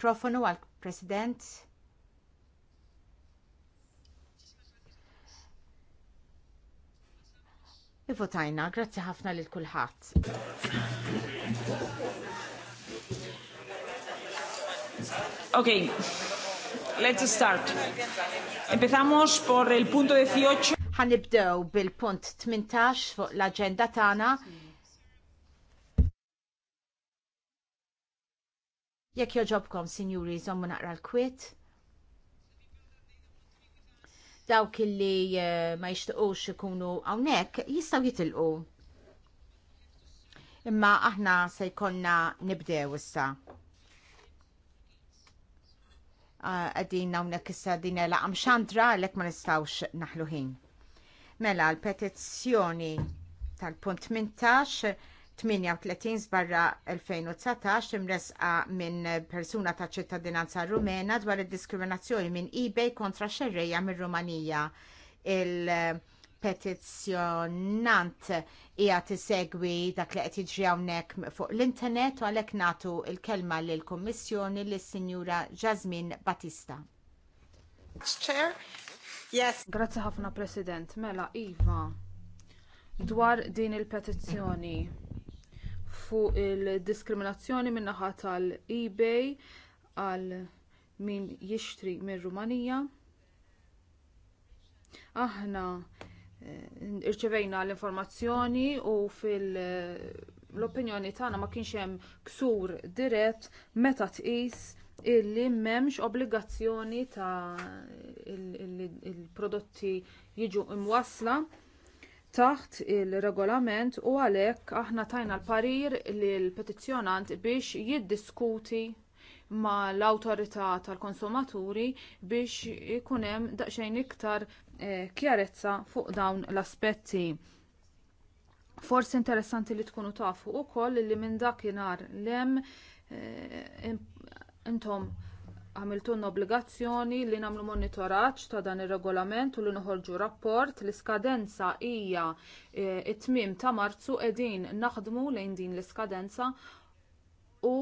Mikrofonu għal President. Ivotajna, grazzi ħafna lil kulħadd. Ok, let's start. Empezamos por il punto 18. Ħanibdew bil-punt 18 fuq l-agenda tagħna Jekk joġobkom, sinjuri, zommu naqra l-kwit. Dawk illi eh, ma jishtuqux ikunu hawnhekk jistgħu jitilqu. Imma aħna se jkollna nibdew issa. Ah, Għadin hawnhekk issa din laqam xandra għalhekk ma nistgħux naħlu ħin. Mela l-petizzjoni tal-punt mintax. 38 barra 2019 imresqa minn persuna ta' ċittadinanza rumena dwar id-diskriminazzjoni minn eBay kontra xerreja minn Rumanija. Il-petizzjonant hija tisegwi dak li qed jiġri hawnhekk fuq l-internet u għalhekk nagħtu l kelma lill kummissjoni lis-Sinjura Jasmin Batista. Chair? Yes. Grazzi ħafna President. Mela, Iva, dwar din il-petizzjoni fuq il-diskriminazzjoni min-naħa tal-eBay għal min jixtri minn Rumanija. Aħna eh, irċevejna l-informazzjoni u fil- opinjoni tagħna ma kienx hemm ksur dirett meta tqis illi m'hemmx obbligazzjoni ta' il-prodotti jiġu imwassla taħt il-regolament u għalhekk aħna tajna l-parir lill petizzjonant biex jiddiskuti mal l-autorità tal-konsumaturi biex ikun hemm daqsxejn iktar kjarezza eh, fuq dawn l-aspetti. Forsi interessanti li tkunu tafu wkoll li minn dakinhar l-hemm eh, intom għamiltun obbligazzjoni li nagħmlu monitoraċ ta' dan ir-regolament u li noħorġu rapport li skadenza hija e, t tmiem ta' Marzu qegħdin naħdmu lejn din l-iskadenza u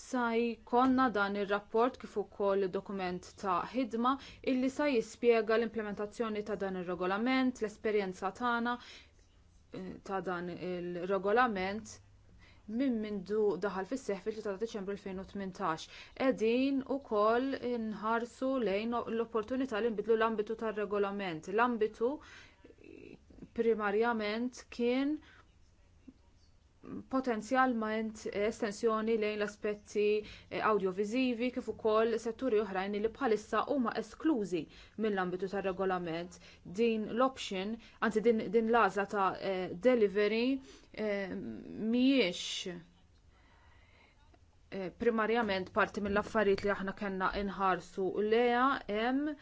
sa jkollna dan ir-rapport kif ukoll dokument ta' ħidma illi sa jispjega l-implementazzjoni ta' dan ir-regolament, l-esperjenza tagħna e, ta' dan ir regolament minn mindu daħal fis seħħ fil-3 Deċembru 2018. Qegħdin ukoll inħarsu lejn l-opportunità li nbidlu l-ambitu tar-regolament. L-ambitu primarjament kien potenzjalment estensjoni lejn l-aspetti eh, audiovizivi kif ukoll setturi oħrajn li bħalissa huma esklużi mill-ambitu tar-regolament. Din l-option, anzi din, din l-għażla ta' eh, delivery eh, mhijiex eh, primarjament parti mill-affarijiet li aħna kellna inħarsu lejha hemm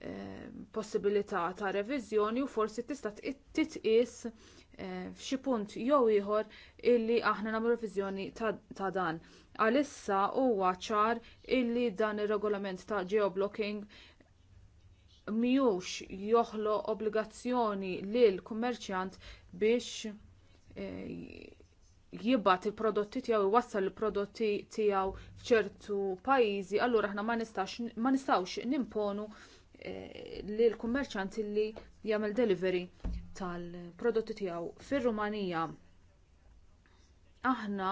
Ehm, possibilità ta' reviżjoni u forsi tista' titqis ehm, f'xi punt jew ieħor illi aħna nagħmlu reviżjoni ta' dan. Għalissa huwa ċar illi dan ir-regolament ta' geoblocking mhijiex joħloq obbligazzjoni lil kummerċjant biex eh, jibgħat il-prodotti tiegħu iwassal il-prodotti tiegħu f'ċertu pajjiżi, allura aħna ma nistgħux nimponu Eh, li l-kummerċant li jagħmel delivery tal-prodotti tiegħu fir-Rumanija. Aħna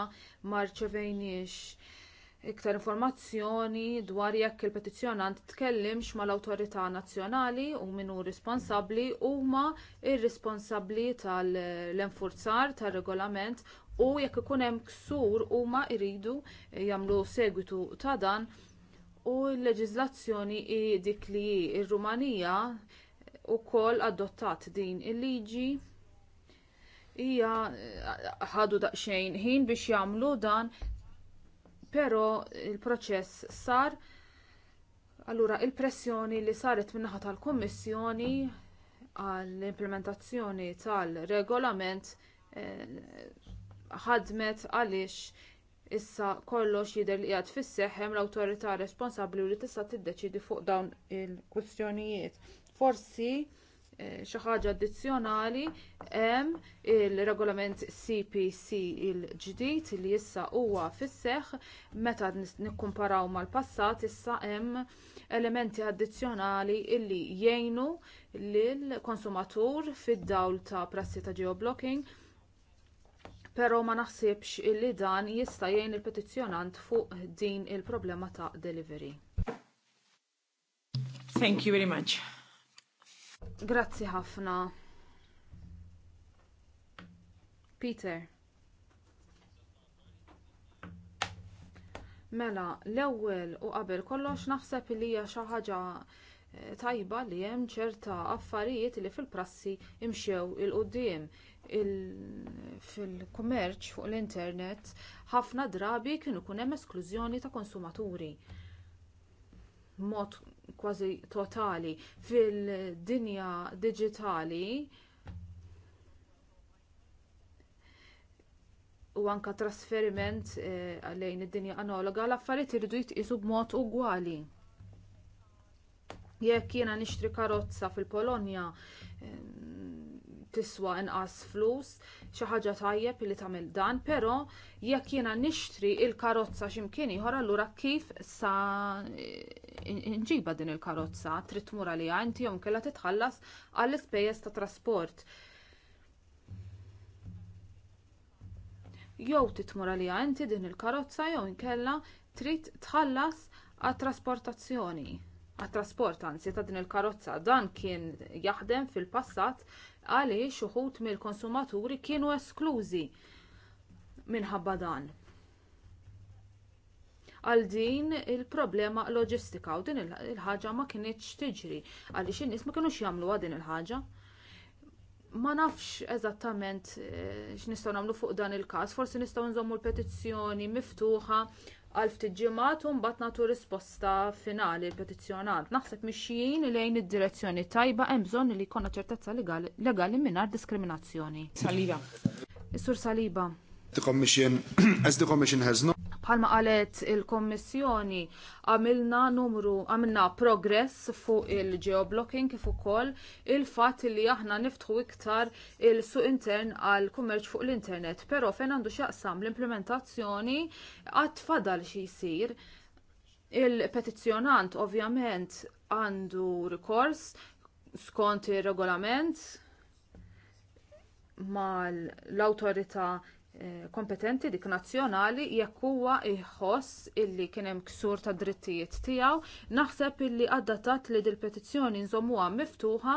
ma rċevejniex iktar informazzjoni dwar jekk il-petizzjonant tkellimx mal-awtorità nazzjonali u min hu responsabbli huma ir-responsabbli tal-enfurzar tar-regolament u jekk ikun hemm ksur huma jridu jagħmlu segwitu ta' dan u l-leġizlazzjoni dik li ir-Rumanija wkoll adottat din il-liġi hija eh, ħadu daqsxejn ħin biex jagħmlu dan però l proċess sar allura l pressjoni li saret min-naħa tal-Kummissjoni għall-implementazzjoni tal-regolament eh, ħadmet għaliex issa kollox jidher li qiegħed fis hemm l-awtorità responsabbli li tista' tiddeċiedi fuq dawn il-kwistjonijiet. Forsi eh, xi ħaġa addizzjonali hemm il-regolament CPC il-ġdid li issa huwa fis-seħħ meta nikkumparaw mal-passat issa hemm elementi addizzjonali li jgħinu lill konsumatur fid-dawl ta' prassi ta' geoblocking però ma naħsibx illi dan jista' jgħin il-petizzjonant fuq din il-problema ta' delivery. Thank you very much. Grazzi ħafna. Peter. Mela, l-ewwel u qabel kollox naħseb li hija xi ħaġa tajba li hemm ċerta affarijiet li fil-prassi imxew il-qudiem fil-kummerċ fuq l-internet ħafna drabi kienu kun hemm esklużjoni ta' konsumaturi mod kważi totali fil-dinja diġitali u anke trasferiment eh, lejn id-dinja analoga l-affarijiet iridu jitqisu b'mod ugwali Jekk jiena nixtri karozza fil-Polonja tiswa inqas flus, xi ħaġa tajjeb li tagħmel dan, però jekk jiena nixtri l karozza x'imkien ieħor allura kif sa e, nġiba din il-karozza trid tmur għaliha inti jew kellha titħallas għall-ispejjeż ta' trasport. Jew titmur għaliha inti din il-karozza jew inkella trid tħallas għat-trasportazzjoni għat-trasport anzi ta' din il-karozza. Dan kien jaħdem fil-passat għaliex uħut mill-konsumaturi kienu esklużi minħabba dan. Għal din il-problema loġistika u din il-ħaġa ma kienieċ tiġri għaliex in-nies ma kienux jagħmluha din il-ħaġa ma nafx eżattament eh, x'nistgħu nagħmlu fuq dan il-każ, forsi nistgħu nżommu l-petizzjoni miftuħa għal ftit ġimgħat u mbagħad nagħtu risposta finali l Naħseb mixjin lejn id-direzzjoni tajba hemm bżonn li jkollna ċertezza legali mingħajr diskriminazzjoni. Saliba. Is-sur Saliba. The commission, as the commission has Bħalma qalet il-Kommissjoni għamilna numru, għamilna progress fuq il-geoblocking kif ukoll il-fatt li aħna niftħu iktar il-suq intern għal kummerċ fuq l-internet, però fejn għandu x'jaqsam l-implementazzjoni għad fadal xi jsir. Il-petizzjonant ovvjament għandu rikors skont ir regolament mal l-autorita Eh, kompetenti dik nazzjonali jekk huwa jħoss illi kien hemm ksur ta' drittijiet tiegħu, naħseb illi għaddatat li dil-petizzjoni nżommuha miftuħa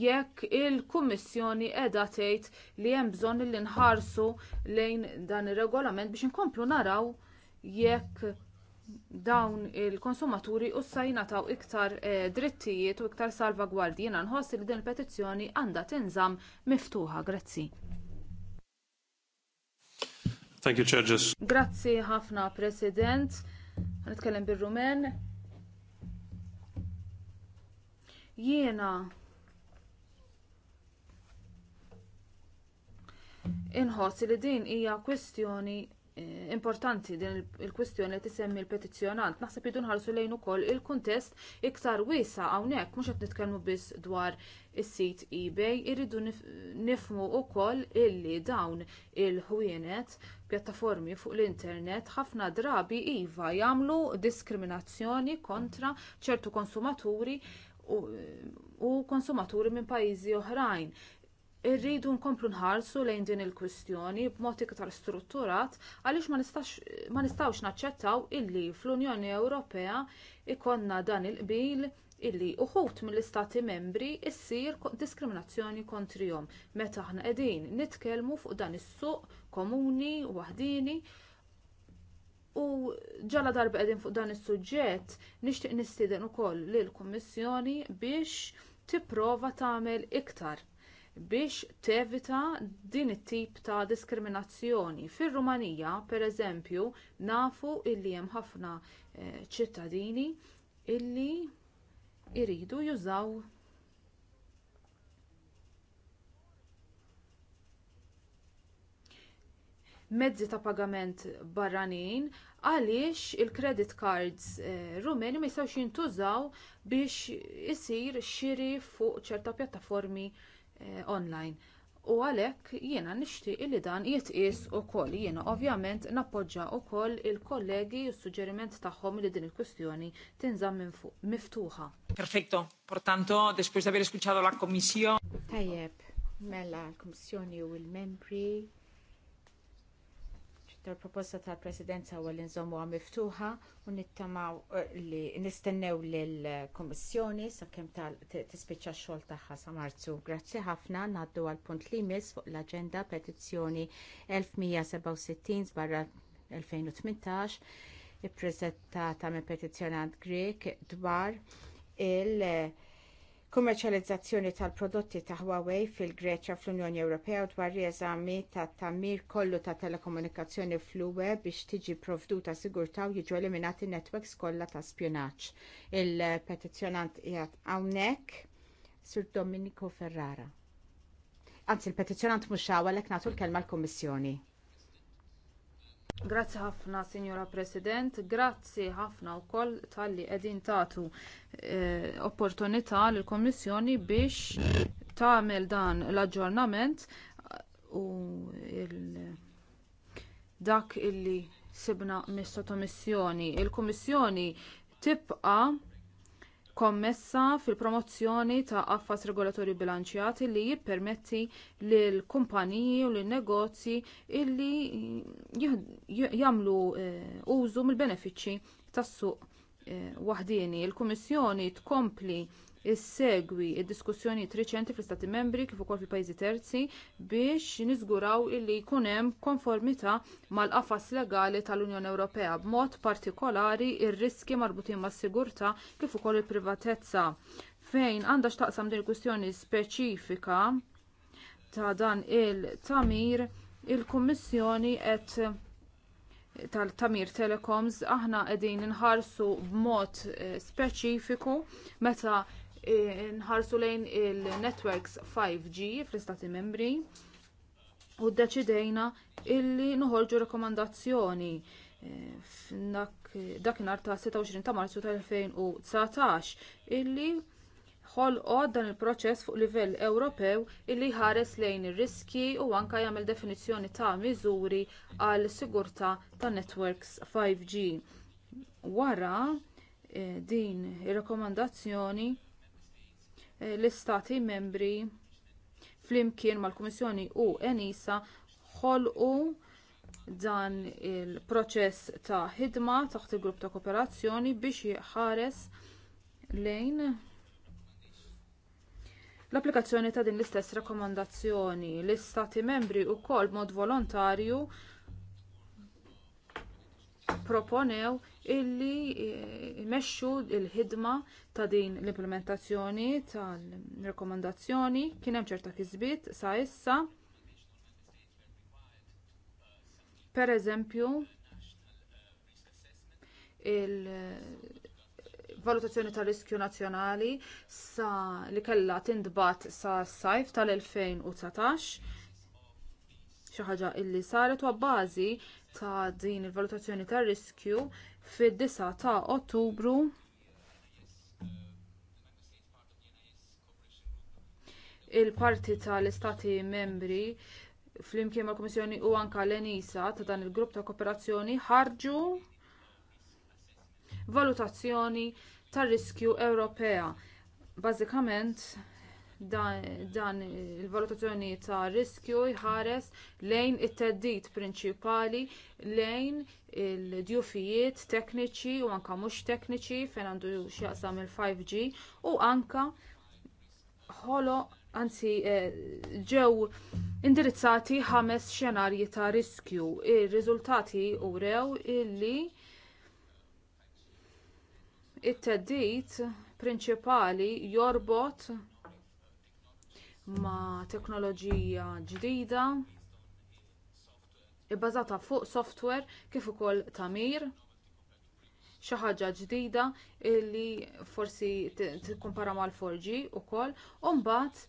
jekk il-Kummissjoni qiegħda tgħid li hemm bżonn li nħarsu lejn dan ir-regolament biex inkomplu naraw jekk dawn il-konsumaturi u jingħataw iktar eh, drittijiet u iktar salvagwardji. Jiena nħoss li din il-petizzjoni għandha tinżamm miftuħa. Grazzi. Thank you, Judges. Grazzi ħafna, President. Għanitkellem bil-Rumen. Jiena. Inħoss li din hija kwestjoni importanti din il-kwistjoni li tisemmi l-petizzjonant. Naħseb idu nħarsu lejn ukoll il-kuntest iktar wiesa hawnhekk mhux qed nitkellmu biss dwar is-sit eBay, irridu nifmu wkoll illi dawn il-ħwienet pjattaformi fuq l-internet ħafna drabi iva jagħmlu diskriminazzjoni kontra ċertu konsumaturi u konsumaturi minn pajjiżi oħrajn irridu nkomplu nħarsu lejn din il-kwistjoni b'mod iktar strutturat għaliex ma nistgħux naċċettaw illi fl-Unjoni Ewropea ikonna dan il-qbil illi uħut mill-istati membri issir diskriminazzjoni kontrihom meta aħna qegħdin nitkellmu fuq dan is-suq komuni waħdini u ġala darba qegħdin fuq dan is-suġġett nixtieq nistieden ukoll lill-Kummissjoni biex tipprova tagħmel iktar biex tevita din it-tip ta' diskriminazzjoni. Fir-Rumanija, pereżempju, nafu illi hemm ħafna eh, ċittadini illi jridu jużaw mezzi ta' pagament barranin għaliex il-credit cards eh, rumeni ma jistgħux jintużaw biex isir xiri fuq ċerta pjattaformi Eh, online. U għalhekk jiena nixtieq li dan jitqies ukoll jiena ovvjament nappoġġja wkoll il-kollegi u s-suġġeriment tagħhom li din il-kwistjoni tinżamm miftuħa. Perfetto, portanto después da aver escuchado la Commission. Tajjeb, mela l-Kummissjoni u il membri tal proposta tal-Presidenza u l-inżommu miftuħa u nittamaw eh, li nistennew l-Komissjoni sa' kem tal-tispicċa xol taħħa sa' marzu. Grazzi ħafna naddu għal-punt li jmiss fuq l-agenda petizzjoni 1167 barra 2018 i-prezentata me petizjonant Grek dwar il- kummerċjalizzazzjoni tal-prodotti ta' Huawei fil-Greċja fl-Unjoni Ewropea dwar reżami ta' tammir kollu ta' telekomunikazzjoni fl-UE biex tiġi provduta sigurtà u jiġu eliminati netwerks kollha ta' spjunaġġ. Il-petizzjonant qiegħed hawnhekk Sur Domenico Ferrara. Anzi, il-petizzjonant mhux hawn għalhekk nagħtu l-kelma l-Kummissjoni. Grazzi ħafna, Signora President, grazzi ħafna wkoll talli qegħdin tagħtu eh, opportunità lill kommissjoni biex tagħmel dan l-aġġornament eh, u il dak illi sibna mis-sottomissjoni. Il-Kummissjoni tibqa' kommessa fil-promozzjoni ta' qafas regolatorju bilanċjati li jippermetti lill kumpaniji u lin negozji li jagħmlu eh, użu mill-benefiċċji tas-suq eh, waħdieni. Il-Kummissjoni tkompli issegwi id-diskussjonijiet riċenti fl-Istati Membri kif ukoll fil-pajjiżi terzi biex niżguraw illi jkun hemm konformità mal-qafas legali tal-Unjoni Ewropea b'mod partikolari r riski marbutin mas-sigurtà kif ukoll il-privatezza. Fejn għandha x'taqsam din il-kwistjoni speċifika ta' dan il-tamir il-Kummissjoni qed tal-Tamir Telecoms aħna qegħdin inħarsu b'mod eh, speċifiku meta Eh, nħarsu lejn il-networks 5G fl-istati membri u ddeċidejna illi noħolġu rakkomandazzjoni eh, dakinhar ta' 26 ta' Marzu tal-2019 illi ħolqod dan il-proċess fuq livell Ewropew illi ħares lejn ir-riski u anke jagħmel definizzjoni ta' miżuri għal sigurtà tan networks 5G. Wara eh, din ir-rakkomandazzjoni l-istati membri flimkien mal-Kummissjoni u Enisa ħolqu dan il-proċess ta' ħidma taħt il-grupp ta' kooperazzjoni biex jħares lejn l-applikazzjoni ta' din l-istess rakkomandazzjoni. L-istati membri wkoll mod volontarju proponew illi jmexxu eh, l ħidma ta' din l-implementazzjoni tal-rekomandazzjoni kien hemm ċerta kisbiet sa issa. Pereżempju il-valutazzjoni tar riskju nazzjonali sa li kellha tindbat sa sajf tal-2019 xi ħaġa illi saret u bażi ta' din il-valutazzjoni tar riskju fid-9 ta' Ottubru il-parti tal-istati membri flimkien mal kummissjoni u anke l-Enisa ta' dan il-grupp ta' kooperazzjoni ħarġu valutazzjoni tar riskju Ewropea. Bażikament dan il-valutazzjoni ta' riskju jħares lejn it-teddid prinċipali lejn il-djufijiet tekniċi u anke mhux tekniċi fejn għandu x'jaqsam il-5G u anke ħoloq anzi eh, ġew indirizzati ħames xenarji ta' riskju. Ir-riżultati wrew illi it-teddid prinċipali jorbot ma' teknoloġija ġdida ibbażata fuq software kif ukoll tamir xi ħaġa ġdida li forsi tikkumpara mal-4G ukoll u mbagħad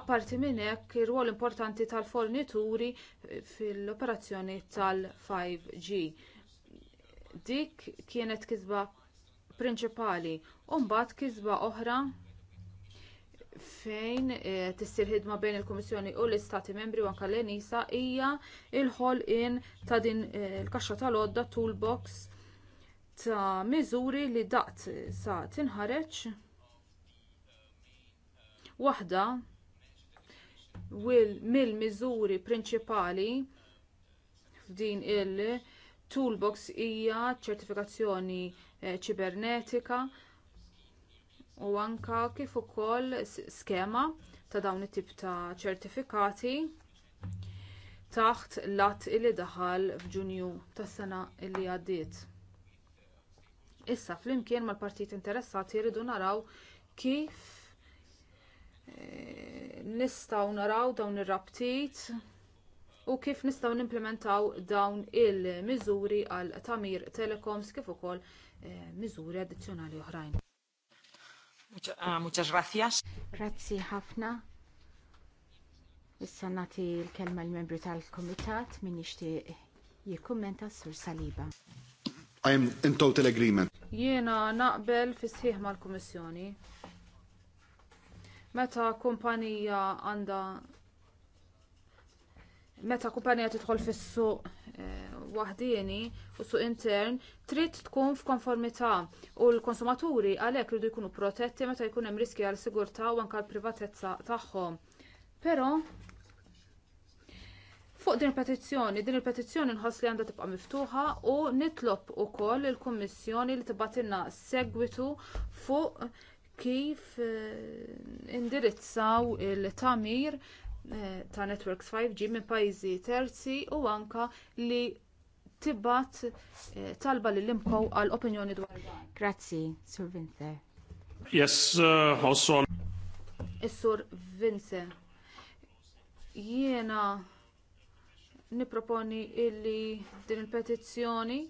apparti minn hekk ir-rwol importanti tal-fornituri fil-operazzjoni tal-5G. Dik kienet kisba prinċipali u mbagħad kisba oħra fejn eh, tissir ħidma bejn il-Kummissjoni u l-Istati membri u anka l-Enisa hija l in ta' din eh, il-kaxxa tal odda toolbox ta' miżuri li daqt sa tinħareġ waħda mill-miżuri prinċipali f'din il-toolbox hija ċertifikazzjoni eh, ċibernetika u anke kif ukoll skema ta' dawn it-tip ta' ċertifikati taħt l-att li daħal f'Ġunju tas-sena li għaddiet. Issa flimkien mal-partit interessati jridu naraw kif eh, nistgħu naraw dawn ir-rabtit u kif nistgħu nimplementaw dawn il-miżuri għal tamir telecoms kif ukoll eh, miżuri addizzjonali oħrajn. Ah, muchas gracias. Grazzi ħafna. Issa nagħti l-kelma l-membri tal-Kumitat min jixtieq jikkummenta sur Saliba. I am in total agreement. Jiena naqbel fi sħiħ mal-Kummissjoni. Meta kumpanija għandha meta kumpanija tidħol fis-suq eh, waħdieni u suq intern trid tkun f'konformità u l-konsumaturi għalhekk ridu jkunu protetti meta jkun hemm riski għal sigurtà u anke l-privatezza tagħhom. Però fuq din il-petizzjoni, din il-petizzjoni nħoss li għandha tibqa' miftuħa u nitlob ukoll il-Kummissjoni li tibatilna segwitu fuq kif eh, indirizzaw il-tamir Eh, ta' Networks 5G minn pajjiżi terzi u anka li tibbat eh, talba li l għal opinjoni dwar dan. Grazzi, Sur Vince. Yes, uh, also. Is-Sur eh, Vince. Jiena niproponi illi din il-petizzjoni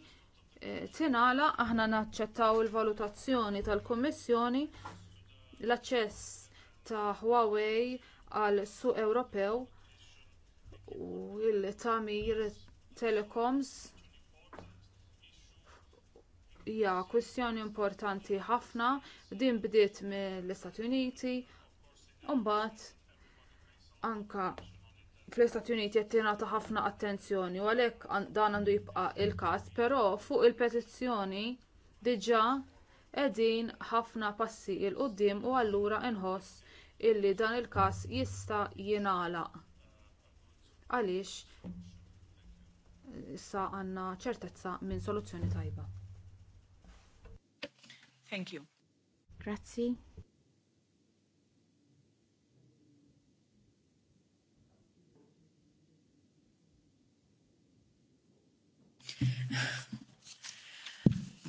tinala aħna naċċettaw il-valutazzjoni tal-Kommissjoni l-aċċess ta' Huawei għal suq Ewropew u l-tamir telecoms hija kwistjoni importanti ħafna din bdiet mill-Istati Uniti u mbagħad anke fl-Istati Uniti qed tingħata ħafna attenzjoni u għalhekk dan għandu jibqa' il-każ, però fuq il-petizzjoni diġà qegħdin ħafna passi il qudiem u allura inħoss illi dan il-każ jista' jingħalaq għaliex issa għandna ċertezza minn soluzzjoni tajba. Thank you. Grazzi.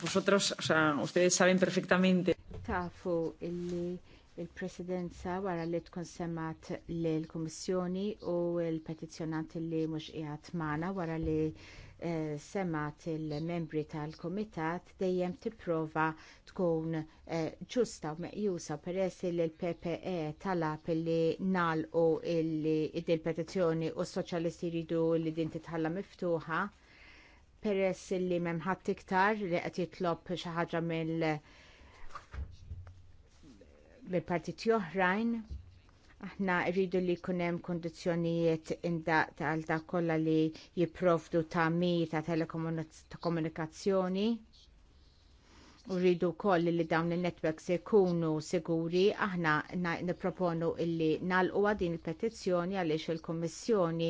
Vosotros, o sea, ustedes saben perfectamente. Tafu illi il-presidenza wara li tkun semmat lill kummissjoni u l-petizzjonanti li mhux qiegħed magħna wara li eh, semmat il-membri tal kumitat dejjem tipprova tkun eh, ġusta u meqjusa peress li l-PPE talab li nagħlqu il-petizzjoni u s-soċjalisti jridu li din titħalla miftuħa peress li memħat iktar li qed jitlob xi ħaġa mill- mill-partiti oħrajn aħna rridu li kunem kondizjonijiet indaq tal da kolla li jipprovdu ta' mi ta' telekomunikazzjoni. U rridu koll li dawn il se ikunu siguri, aħna niproponu illi nalqu din il-petizzjoni għaliex il-Kommissjoni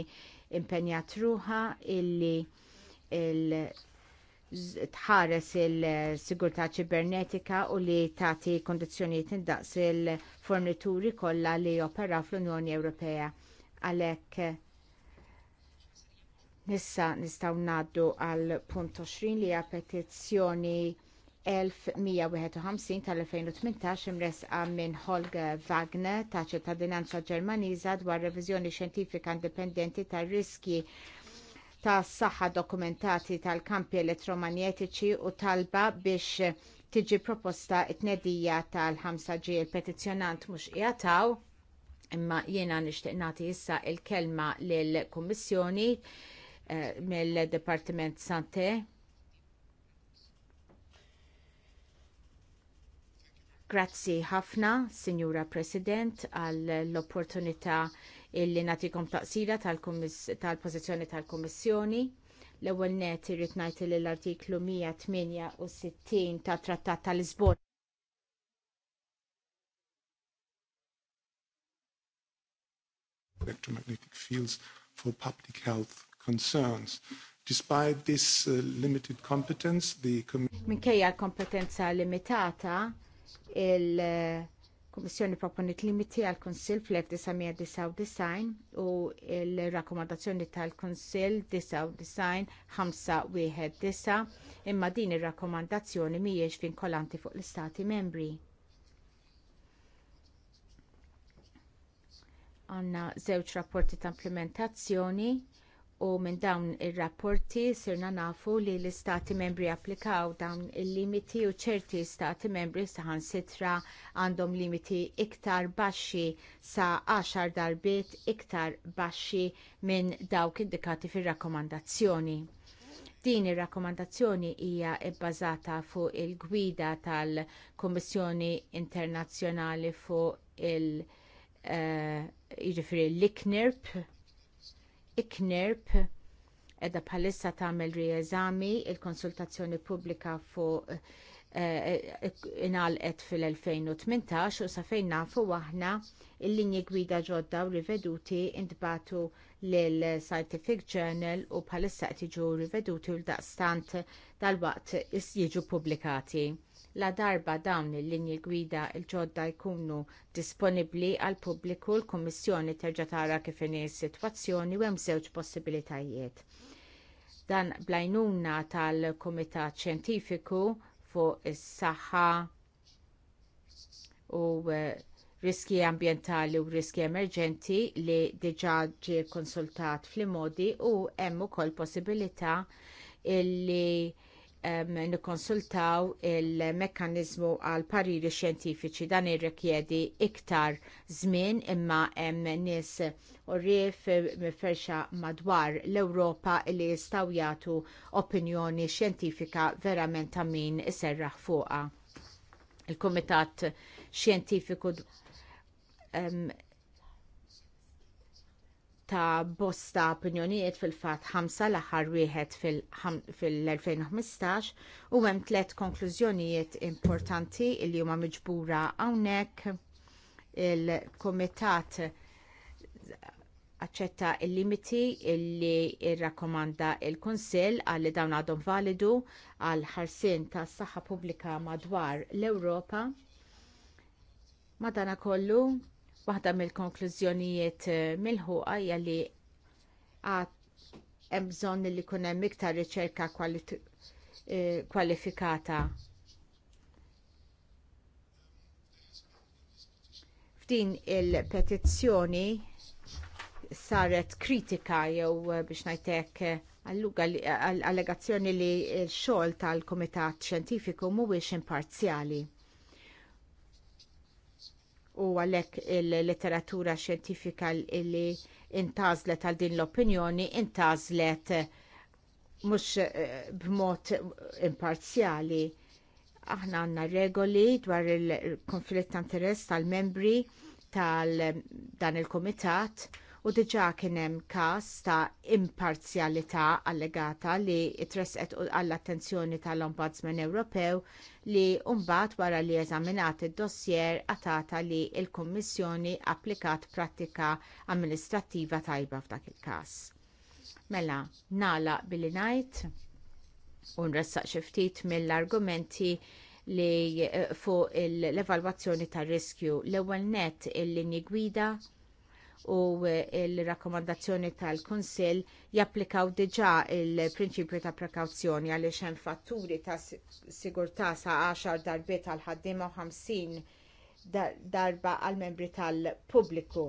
impenjat ruħa illi il- tħares il-sigurtà ċibernetika u li tagħti kondizjoniet indaqs il-fornituri kollha li opera fl-Unjoni Ewropea. Għalhekk nissa nistgħu ngħaddu għal punt 20 li hija petizzjoni 1151 tal-2018 imresqa minn Holger Wagner ta' ċittadinanza Ġermaniża dwar reviżjoni xjentifika indipendenti tar riski ta' saħħa dokumentati tal-kampi elettromagnetiċi u talba biex tiġi proposta t tnedija tal-5G il-petizjonant mhux jataw imma jiena nixtieq nagħti issa l kelma lill-Kummissjoni eh, mill-Dipartiment Sante. Grazzi ħafna, Signora President, għall opportunità illi natikom taqsira tal-pozizjoni tal komissjoni L-ewwel net irrid ngħid li l-artiklu 168 ta' Trattat tal-Lisbon electromagnetic fields for public health concerns. Despite this uh, limited competence, the Minkejja l-kompetenza limitata, il- Kommissjoni proponiet limiti għal konsil fl-1999 u l-rakkomandazzjoni tal-konsil 99-519 imma din ir-rakkomandazzjoni mhijiex vinkolanti fuq l-istati membri. Għanna żewġ rapporti ta' implementazzjoni u minn dawn ir-rapporti sirna nafu li l-istati membri applikaw dawn il-limiti u ċerti stati membri saħansitra għandhom limiti iktar baxxi sa 10 darbiet iktar baxxi minn dawk indikati fir-rakkomandazzjoni. Din ir-rakkomandazzjoni hija bbażata fuq il-gwida tal-Kummissjoni Internazzjonali fuq il- eh, jiġifieri l iknerp edha bħalissa tagħmel rieżami il-konsultazzjoni pubblika fuq eh, inalqet fil-2018 u sa fejn nafu aħna il-linji gwida ġodda u riveduti intbatu lil Scientific Journal u bħalissa qed jiġu riveduti u daqstant dalwaqt jiġu publikati la darba dawn il-linji gwida l ġodda jkunu disponibbli għall pubbliku l-Kummissjoni terġa' tara kif inhi s-sitwazzjoni u hemm żewġ possibilitajiet. Dan blajnuna tal-Kumitat Xjentifiku fuq is-saħħa u eh, riski ambjentali u riski emerġenti li diġà ġie konsultat fl-modi u hemm ukoll possibilità li nikkonsultaw il-mekkanizmu għal pariri xjentifiċi dan irrikjedi iktar żmien imma hemm nies u rif eh, ferxa madwar l-Ewropa li jistgħu jagħtu opinjoni xjentifika verament ta' min iserraħ fuqha. Il-Kumitat Xjentifiku ta' bosta opinjonijiet fil-fat 5 l-aħħar wieħed fil-2015 u hemm tliet konklużjonijiet importanti li huma miġbura hawnhekk il-Kumitat aċċetta il-limiti illi rrakkomanda il kunsill għalli dawn għadhom validu għal ħarsien tas saħħa pubblika madwar l-Ewropa. Madana kollu Waħda mill-konklużjonijiet eh, mill-ħuqa hija li hemm bżonn li jkun hemm iktar riċerka eh, kwalifikata. F'din il-petizzjoni saret kritika jew eh, biex ngħidlek allegazzjoni li x-xogħol tal-Kumitat Xjentifiku mhuwiex imparzjali u għalhekk il-letteratura xjentifika li intażlet għal din l-opinjoni intażlet eh, mhux eh, b'mod imparzjali. Aħna għandna regoli dwar il-konflitt ta' interess tal-membri tal dan il-komitat u diġà kien hemm każ ta' imparzjalità allegata li tresqet għall-attenzjoni tal-Ombudsman Ewropew li mbagħad wara li eżaminat id-dossier għatata li l kummissjoni applikat prattika amministrattiva tajba f'dak il-każ. Mela, nagħlaq billi ngħid u nressaq xi ftit mill-argumenti li eh, fuq l-evalwazzjoni tar riskju l-ewwel nett il-linji gwida u eh, il rakkomandazzjoni tal kunsill japplikaw diġà l prinċipju ta' prekawzjoni għaliex hemm fatturi ta' sigurtà sa' 10 darbiet tal ħaddiema u 50 darba għall membri tal-pubbliku.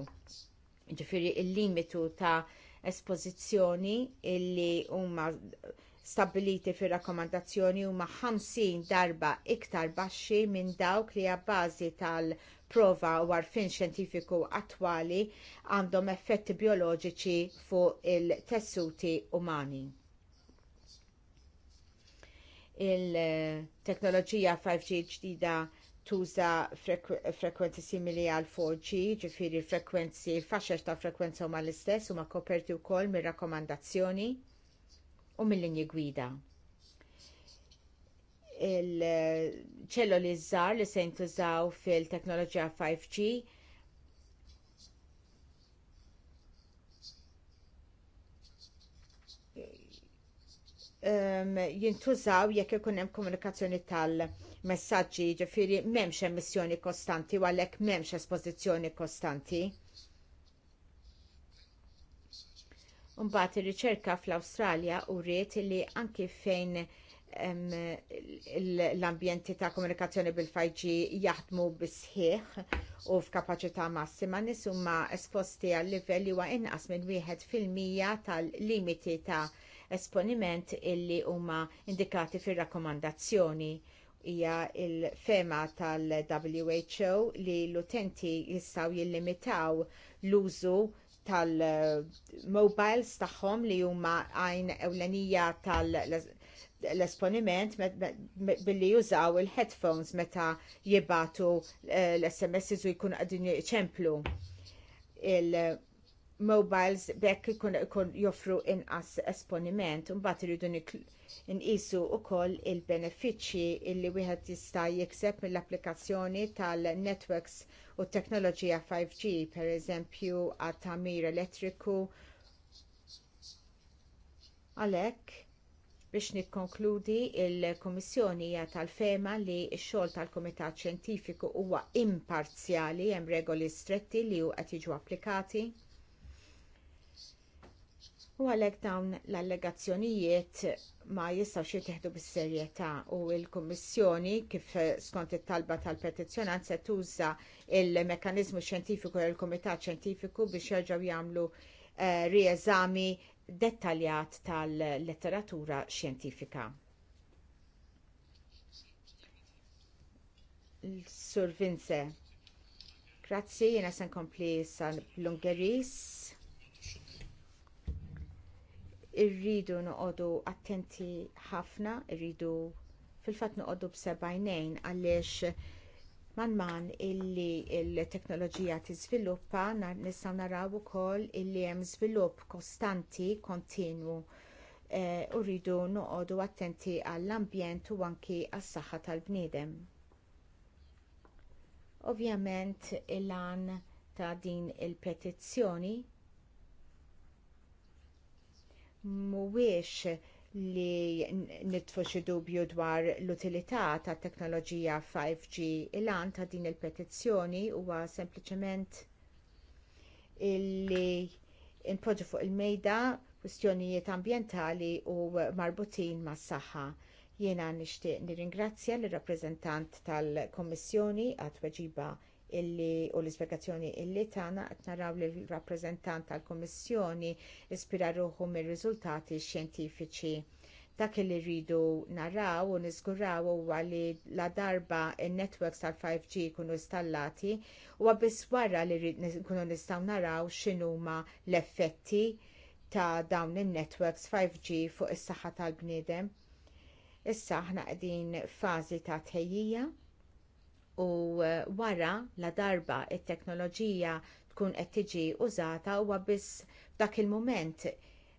Ġifieri il limitu ta' espożizzjoni illi huma stabiliti fir rakkomandazzjoni huma 50 darba iktar baxxi minn dawk li għabbażi tal prova u għarfien xjentifiku attwali għandhom effetti bioloġiċi fuq il-tessuti umani. Il-teknoloġija 5G ġdida tuża frekwenzi simili għal 4G, ġifiri frekwenzi, faxex ta' frekwenza huma l-istess huma koperti wkoll mir rakkomandazzjoni u mill-linji gwida il-ċelloli żgħar li se jintużaw fil-teknoloġija 5G um, ehm, jintużaw jekk ikun hemm komunikazzjoni tal-messaġġi, ġifieri m'hemmx emissjoni kostanti u għalhekk m'hemmx espożizzjoni kostanti. Mbagħad ir-riċerka fl-Awstralja uriet li anki fejn l-ambjenti ta' komunikazzjoni bil-5G jaħdmu bisħiħ u f'kapaċità massima nies huma esposti għal livell li huwa inqas minn wieħed fil-mija tal-limiti ta' esponiment illi huma indikati fir-rakkomandazzjoni hija l fema tal-WHO li l-utenti jistgħu jillimitaw l-użu tal-mobiles tagħhom li huma għajn ewlenija tal- l-esponiment billi jużaw il-headphones meta jibatu eh, l-SMS u jkun għadin ċemplu il-mobiles bekk ikun joffru inqas esponiment un bat irridu nqisu wkoll il-benefiċċji li wieħed jista' jikseb mill-applikazzjoni tal-networks u t teknoloġija 5G, pereżempju għat-tamir elettriku. Għalhekk, Biex nikkonkludi, il-Kummissjoni hija tal-fema li x-xogħol tal-Kumitat Xjentifiku huwa imparzjali hemm regoli stretti li hu qed jiġu applikati. U għalhekk dawn l-allegazzjonijiet ma jistgħux jittieħdu bis-serjetà u l-Kummissjoni kif skont it-talba tal-petizzjonant se tuża l mekkaniżmu xjentifiku l kumitat Xjentifiku biex jerġgħu jagħmlu eh, rieżami dettaljat tal-letteratura xjentifika. Sur Vince, grazzi, jena sen kompli san Irridu noqodu attenti ħafna, irridu fil-fat noqodu b'sebajnejn għaliex man man illi il-teknoloġija tiżviluppa nistgħu naraw ukoll illi hemm żvilupp kostanti, kontinwu eh, u rridu noqogħdu attenti għall-ambjent u anki għas-saħħa tal-bniedem. Ovvjament il-lan ta' din il-petizzjoni mhuwiex li nitfu xi dubju dwar l-utilità tat teknoloġija 5G il-għan ta' din il-petizzjoni huwa sempliċement illi npoġġu fuq il-mejda kwistjonijiet ambjentali u marbutin mas saħħa Jiena nixtieq nirringrazzja lir rappreżentant tal kummissjoni għat-tweġiba illi u l-ispjegazzjoni illi tagħna qed naraw li l-rappreżentant tal kummissjoni ispira ruħu mir-riżultati xjentifiċi. Dak li rridu naraw u niżguraw huwa li la darba in-networks tal-5G jkunu installati u biss wara li nkunu nistgħu naraw x'inhuma l-effetti ta' dawn in-networks 5G fuq is-saħħa tal-bniedem. Issa aħna qegħdin fażi ta' tejjija u eh, wara la darba t teknoloġija tkun qed tiġi użata huwa biss f'dak il-mument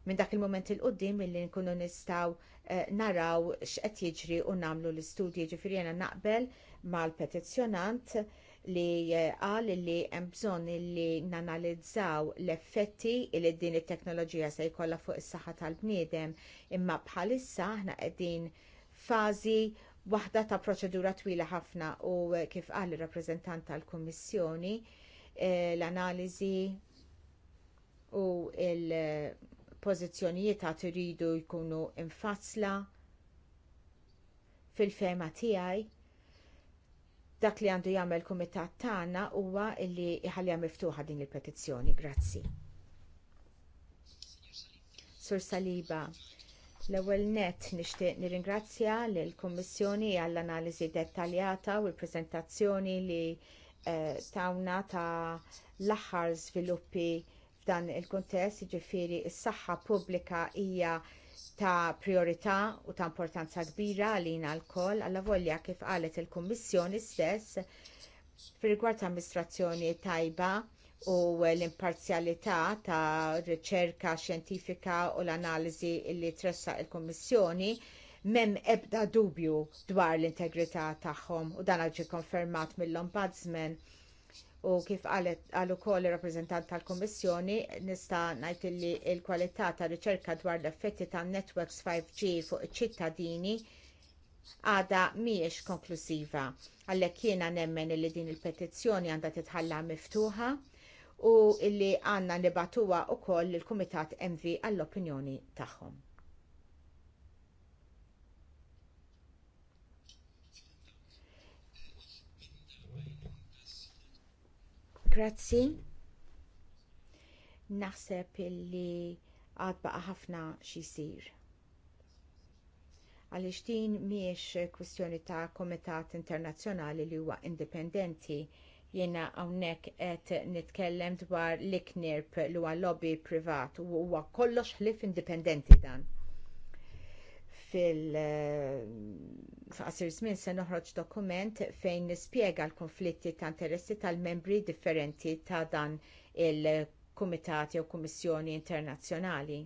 minn dak il-moment il-qoddim milli nkunu nistgħu eh, naraw x'qed jiġri u nagħmlu l-istudji ġifieri jiena naqbel mal-petizzjonant li eh, qal li hemm bżonn li nanalizzaw l-effetti li din it-teknoloġija se jkollha fuq is-saħħa tal-bniedem imma bħalissa aħna qegħdin fażi waħda ta' proċedura twila ħafna u kif qal ir-rappreżentant tal-Kummissjoni eh, l-analiżi u l-pożizzjonijiet ta' tiridu jkunu infassla fil-fema tiegħi dak li għandu jagħmel kumitat tagħna huwa li jħallija miftuħa din il-petizzjoni. Grazzi. Sur Saliba, L-ewwel nett nixtieq nirringrazzja lill kummissjoni għall-analiżi dettaljata u l-preżentazzjoni li eh, tawna ta' l-aħħar żviluppi f'dan il-kuntest, jiġifieri s-saħħa pubblika hija ta' priorità u ta' importanza kbira għalina lkoll alla volja kif qalet il-Kummissjoni stess fir rigward amministrazzjoni tajba u l-imparzjalità ta' riċerka xjentifika u l-analiżi li tressaq il kummissjoni m'hemm ebda dubju dwar l-integrità tagħhom u dan ġie konfermat mill-Ombudsman u kif qal ukoll ir-rappreżentant tal kummissjoni nista' ngħid li l-kwalità tar riċerka dwar l-effetti tan-networks 5G fuq iċ-ċittadini għada mhijiex konklusiva. Għalhekk jiena nemmen li din il-petizzjoni għandha titħalla miftuħa u illi għandna nibatuwa wkoll il kumitat MV għall-opinjoni tagħhom. Grazzi. Naħseb illi għad baqa ħafna xisir. Għaliex din miex kwistjoni ta' komitat internazzjonali li huwa indipendenti Jiena hawnhekk qed nitkellem dwar l-iknirb li huwa lobby privat u huwa kollox ħlif indipendenti dan. Fil eh, faqsir żmien se noħroġ dokument fejn nispjega l-konflitti ta' interessi tal-membri differenti ta' dan il kumitati jew Kummissjoni Internazzjonali.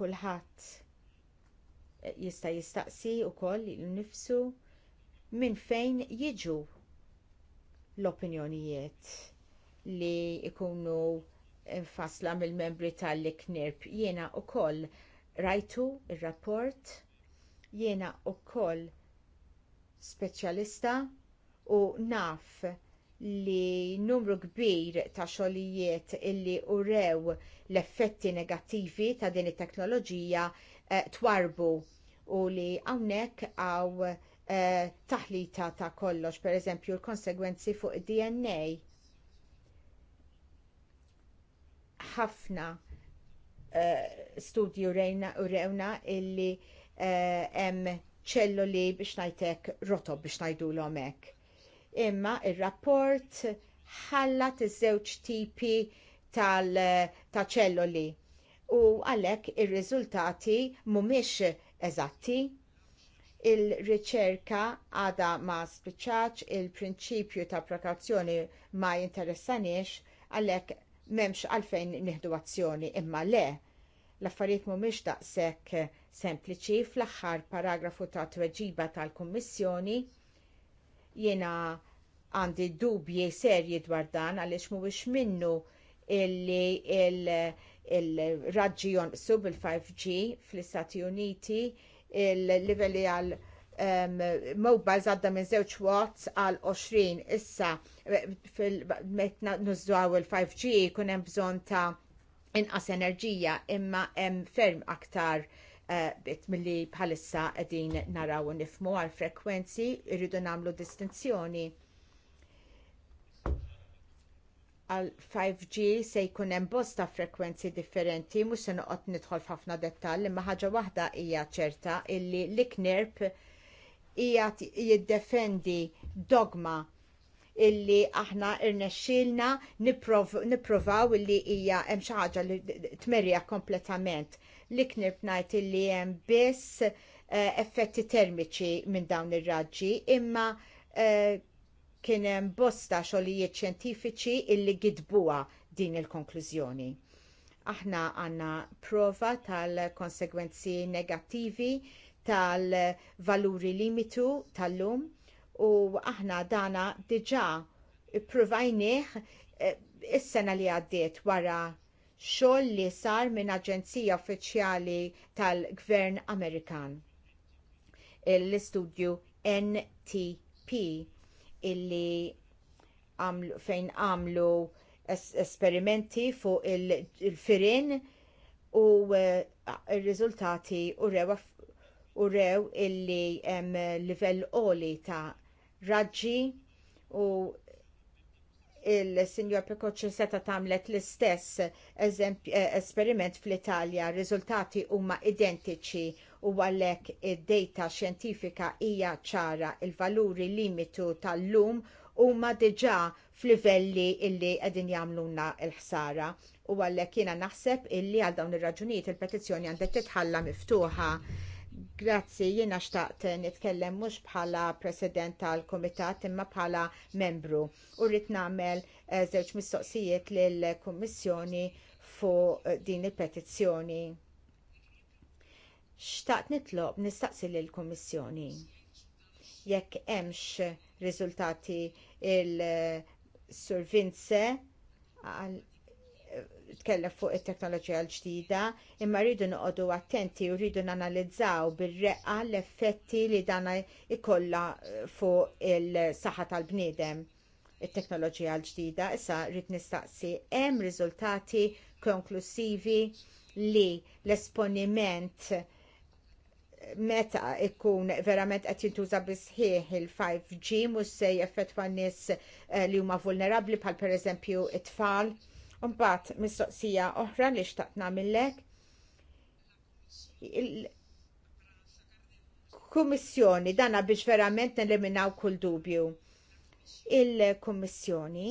Kulħadd eh, jista' jistaqsi wkoll nifsu minn fejn jiġu l-opinjonijiet li ikunu infasla mill-membri tal-knirb. Jiena wkoll rajtu r rapport jiena wkoll speċjalista u naf li numru kbir ta' xogħlijiet illi urew l-effetti negattivi ta' din it-teknoloġija eh, twarbu u li hawnhekk għaw Eh, taħlita ta' kollox, pereżempju l-konsegwenzi fuq id DNA. Ħafna eh, studju u rewna illi eh, hemm ċelluli biex ngħidlek rotob biex ngħidulhom hekk. Imma ir rapport ħallat iż-żewġ tipi ta' ċelluli u għalhekk ir-riżultati mhumiex eżatti il-riċerka għadha ma spiċċax il-prinċipju ta' prekazzjoni ma jinteressanix għalhekk m'hemmx għalfejn nieħdu azzjoni imma le l-affarijiet mhumiex daqshekk sempliċi fl-aħħar paragrafu ta' tweġiba tal-Kummissjoni jiena għandi dubji serji dwar dan għaliex mhuwiex minnu illi il-raġġi jonqsu bil-5G fl-Istati Uniti il-livelli għal mobile zadda għadda minn zewċ watts għal 20 issa fil-metna għaw il-5G kunem hemm bżonn ta' inqas enerġija imma hemm ferm aktar eh, bit mill-li bħalissa qegħdin naraw u nifmu għal frekwenzi irridu nagħmlu distinzjoni għal 5G se jkun hemm bosta frekwenzi differenti, mhux se noqgħod nidħol f'ħafna dettall, imma ħaġa waħda hija ċerta illi l-iknerb hija jiddefendi dogma illi aħna irnexxilna nipprovaw illi hija hemm xi ħaġa li tmerja kompletament. L-iknerb ngħid illi hemm biss eh, effetti termiċi minn dawn ir-raġġi imma eh, Kien hemm bosta xogħlijiet xjentifiċi illi gidbuha din il-konklużjoni. Aħna għandna prova tal-konsegwenzi negattivi tal-valuri limitu tal-lum u aħna dana diġà provajnieħ eh, is-sena li għaddiet wara xogħol li sar minn aġenzija uffiċjali tal-Gvern Amerikan. l istudju NTP illi għamlu, fejn għamlu es esperimenti fuq il-firin u r-riżultati eh, u rew u rew illi hemm livell oli ta' raġġi u il-Sinjor Pekoċi seta tagħmlet l-istess eh, esperiment fl-Italja, riżultati huma identiċi u għalhekk id-data xjentifika hija ċara il-valuri limitu tal-lum huma diġà f'livelli illi qegħdin jamluna l-ħsara u għalhekk jiena naħseb illi għal dawn ir-raġunijiet il-petizzjoni għandek titħalla miftuħa. Grazzi, jiena xtaqt nitkellem mhux bħala president tal kumitat imma bħala membru u rrid nagħmel eh, żewġ mistoqsijiet lill-Kummissjoni fuq eh, din il-petizzjoni xtaqt nitlob nistaqsi lill kummissjoni jekk hemmx riżultati il survinze tkellem fuq it-teknoloġija l-ġdida, imma rridu noqogħdu attenti u rridu nanalizzaw bir-reqqa l-effetti li dana ikollha eh, fuq il-saħħa tal-bniedem it-teknoloġija l-ġdida, issa rrid nistaqsi hemm riżultati konklusivi li l-esponiment meta ikun verament qed jintuża bisħieħ il-5G mhux se jeffettwa nies eh, li huma vulnerabbli bħal pereżempju it-tfal. Mbagħad mistoqsija oħra li xtaqt nagħmilek. Il-Kummissjoni dana biex verament neliminaw kull dubju. Il-Kummissjoni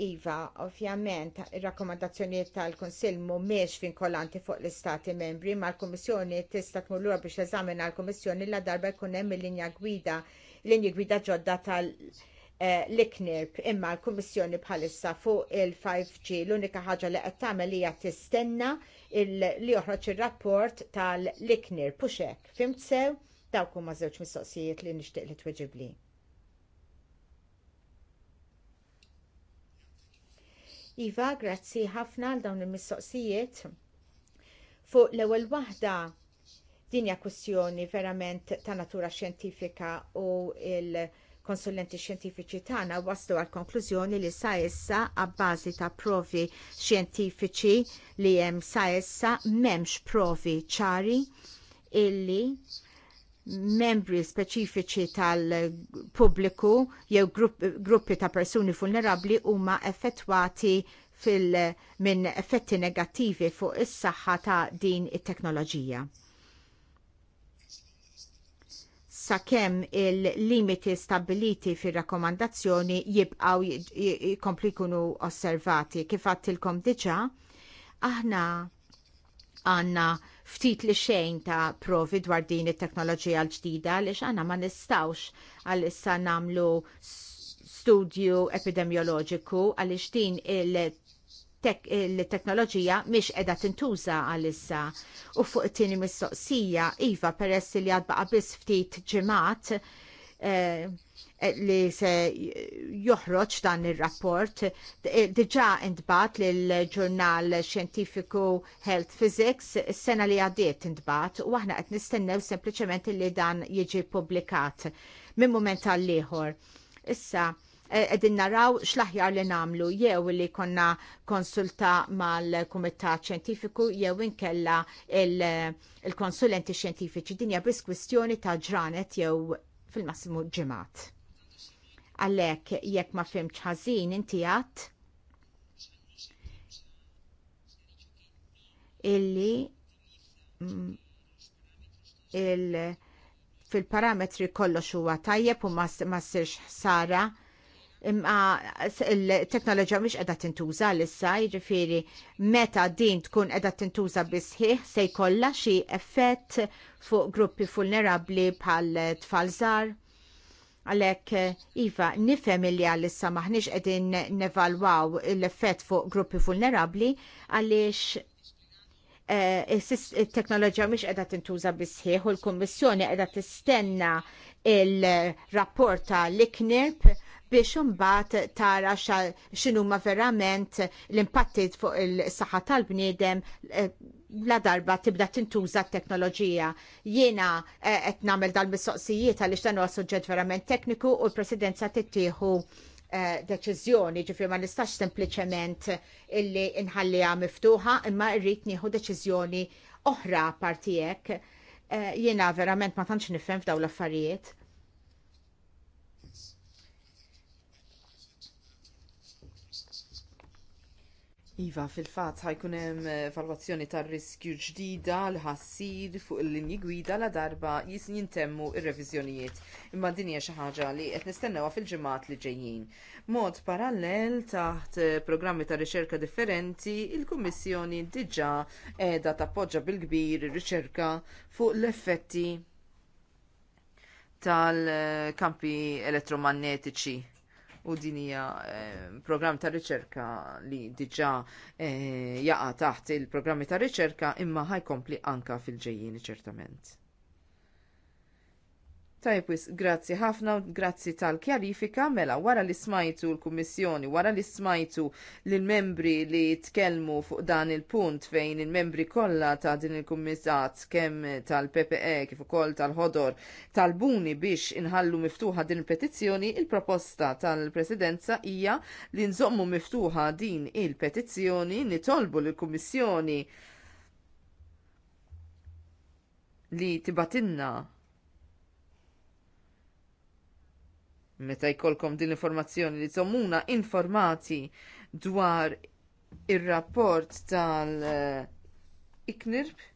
Iva, ovvjament, ir rakkomandazzjonijiet tal-Konsil mhumiex vinkolanti fuq l-Istati membri, ma l-Kummissjoni tista' tmur lura biex teżamina l-Kummissjoni la darba jkun hemm il-linja gwida, linji gwida ġodda tal-iknirb eh, imma l-Kummissjoni bħalissa fuq il-5G l-unika ħaġa li qed tagħmel hija tistenna li joħroġ ir-rapport tal-iknirb u xek. Fimt sew? Dawk huma żewġ mistoqsijiet li nixtieq li tweġibli. Iva, grazzi ħafna għal dawn il-mistoqsijiet. Fuq l-ewwel waħda din hija verament ta' natura xjentifika u l konsulenti xjentifiċi tagħna waslu għal konklużjoni li sa issa għabbażi ta' provi xjentifiċi li hemm sa issa m'hemmx provi ċari illi membri speċifiċi tal-pubbliku jew gruppi ta' persuni vulnerabbli huma effettwati fil minn effetti negattivi fuq is-saħħa ta' din it-teknoloġija. Sakemm il-limiti stabiliti fir-rakkomandazzjoni jibqgħu jkompli jkunu osservati kif għattilkom diġà aħna għandna ftit li xejn ta' provi dwar din it-teknoloġija l-ġdida li x'għandna ma nistawx għal issa nagħmlu studju epidemioloġiku għaliex din il- il-teknoloġija mhix qiegħda tintuża għalissa. U fuq it-tieni mistoqsija, iva peress li għadbaqa biss ftit ġimgħat Eh, li se joħroġ dan ir-rapport eh, diġà intbat lil ġurnal xjentifiku Health Physics is-sena li għaddiet intbat u aħna qed nistennew sempliċement li dan jiġi publikat minn mument għal ieħor. Issa, edin eh, naraw xlaħjar li namlu jew li konna konsulta mal-Kumitat Xjentifiku jew inkella il-konsulenti il xjentifiċi dinja bis kwistjoni ta' ġranet jew fil-massimu ġemat. Għalhekk jekk ma fimċ ħażin inti għat illi mm, il, fil-parametri kollox huwa tajjeb u ma sara. ħsara imma il-teknoloġija mhix qiegħda tintuża issa, jiġifieri meta din tkun qiegħda tintuża bisħieħ se jkollha xi effett fuq gruppi vulnerabbli bħal tfal żgħar. Għalhekk iva nifhem li għalissa maħniex qegħdin nevalwaw l-effett fuq gruppi vulnerabbli għaliex eh, il-teknoloġija mhix qiegħda tintuża bisħieħ u l-Kummissjoni qiegħda tistenna il-rapport ta' l-IKNIRP biex imbagħad tara x'inhuma verament l-impatti fuq il-saħħa tal-bniedem eh, la darba tibda tintuża t-teknoloġija. Jiena eh, qed nagħmel dal-mistoqsijiet għaliex dan huwa suġġett verament tekniku u l-Presidenza tittieħu eh, deċiżjoni, ġifri ma nistax sempliċement illi inħalliha miftuħa, imma rrid nieħu deċiżjoni oħra partijek. Jiena verament ma tantx nifhem f'dawn l-affarijiet. Iva, fil-fat ħajkun hemm eh, valwazzjoni tar-riskju ġdida l ħassir fuq il-linji gwida la darba jis jintemmu ir-reviżjonijiet. Imma din hija xi ħaġa li qed nistennewha fil-ġimgħat li ġejjin. Mod parallel taħt eh, programmi ta' riċerka differenti, il-Kummissjoni diġà qiegħda tappoġġa bil-kbir ir-riċerka fuq l-effetti tal-kampi eh, elettromagnetiċi u din hija eh, programm ta' riċerka li diġà eh, jaqa taħt il-programmi ta' riċerka imma ħajkompli anka fil ġejjini ċertament. Tajpis, grazzi ħafna, grazzi tal-kjarifika, mela wara li smajtu l-Kummissjoni, wara li smajtu l-membri li tkellmu fuq dan il-punt fejn il-membri kollha ta' din il-Kummissat kemm tal-PPE kif ukoll tal-ħodor tal-Buni biex inħallu miftuħa din il-petizzjoni, il-proposta tal-Presidenza hija li nżommu miftuħa din il-petizzjoni nitolbu l-Kummissjoni li tibatinna Meta jkollkom din l-informazzjoni li tżommuna informati dwar ir-rapport tal-iknirb eh,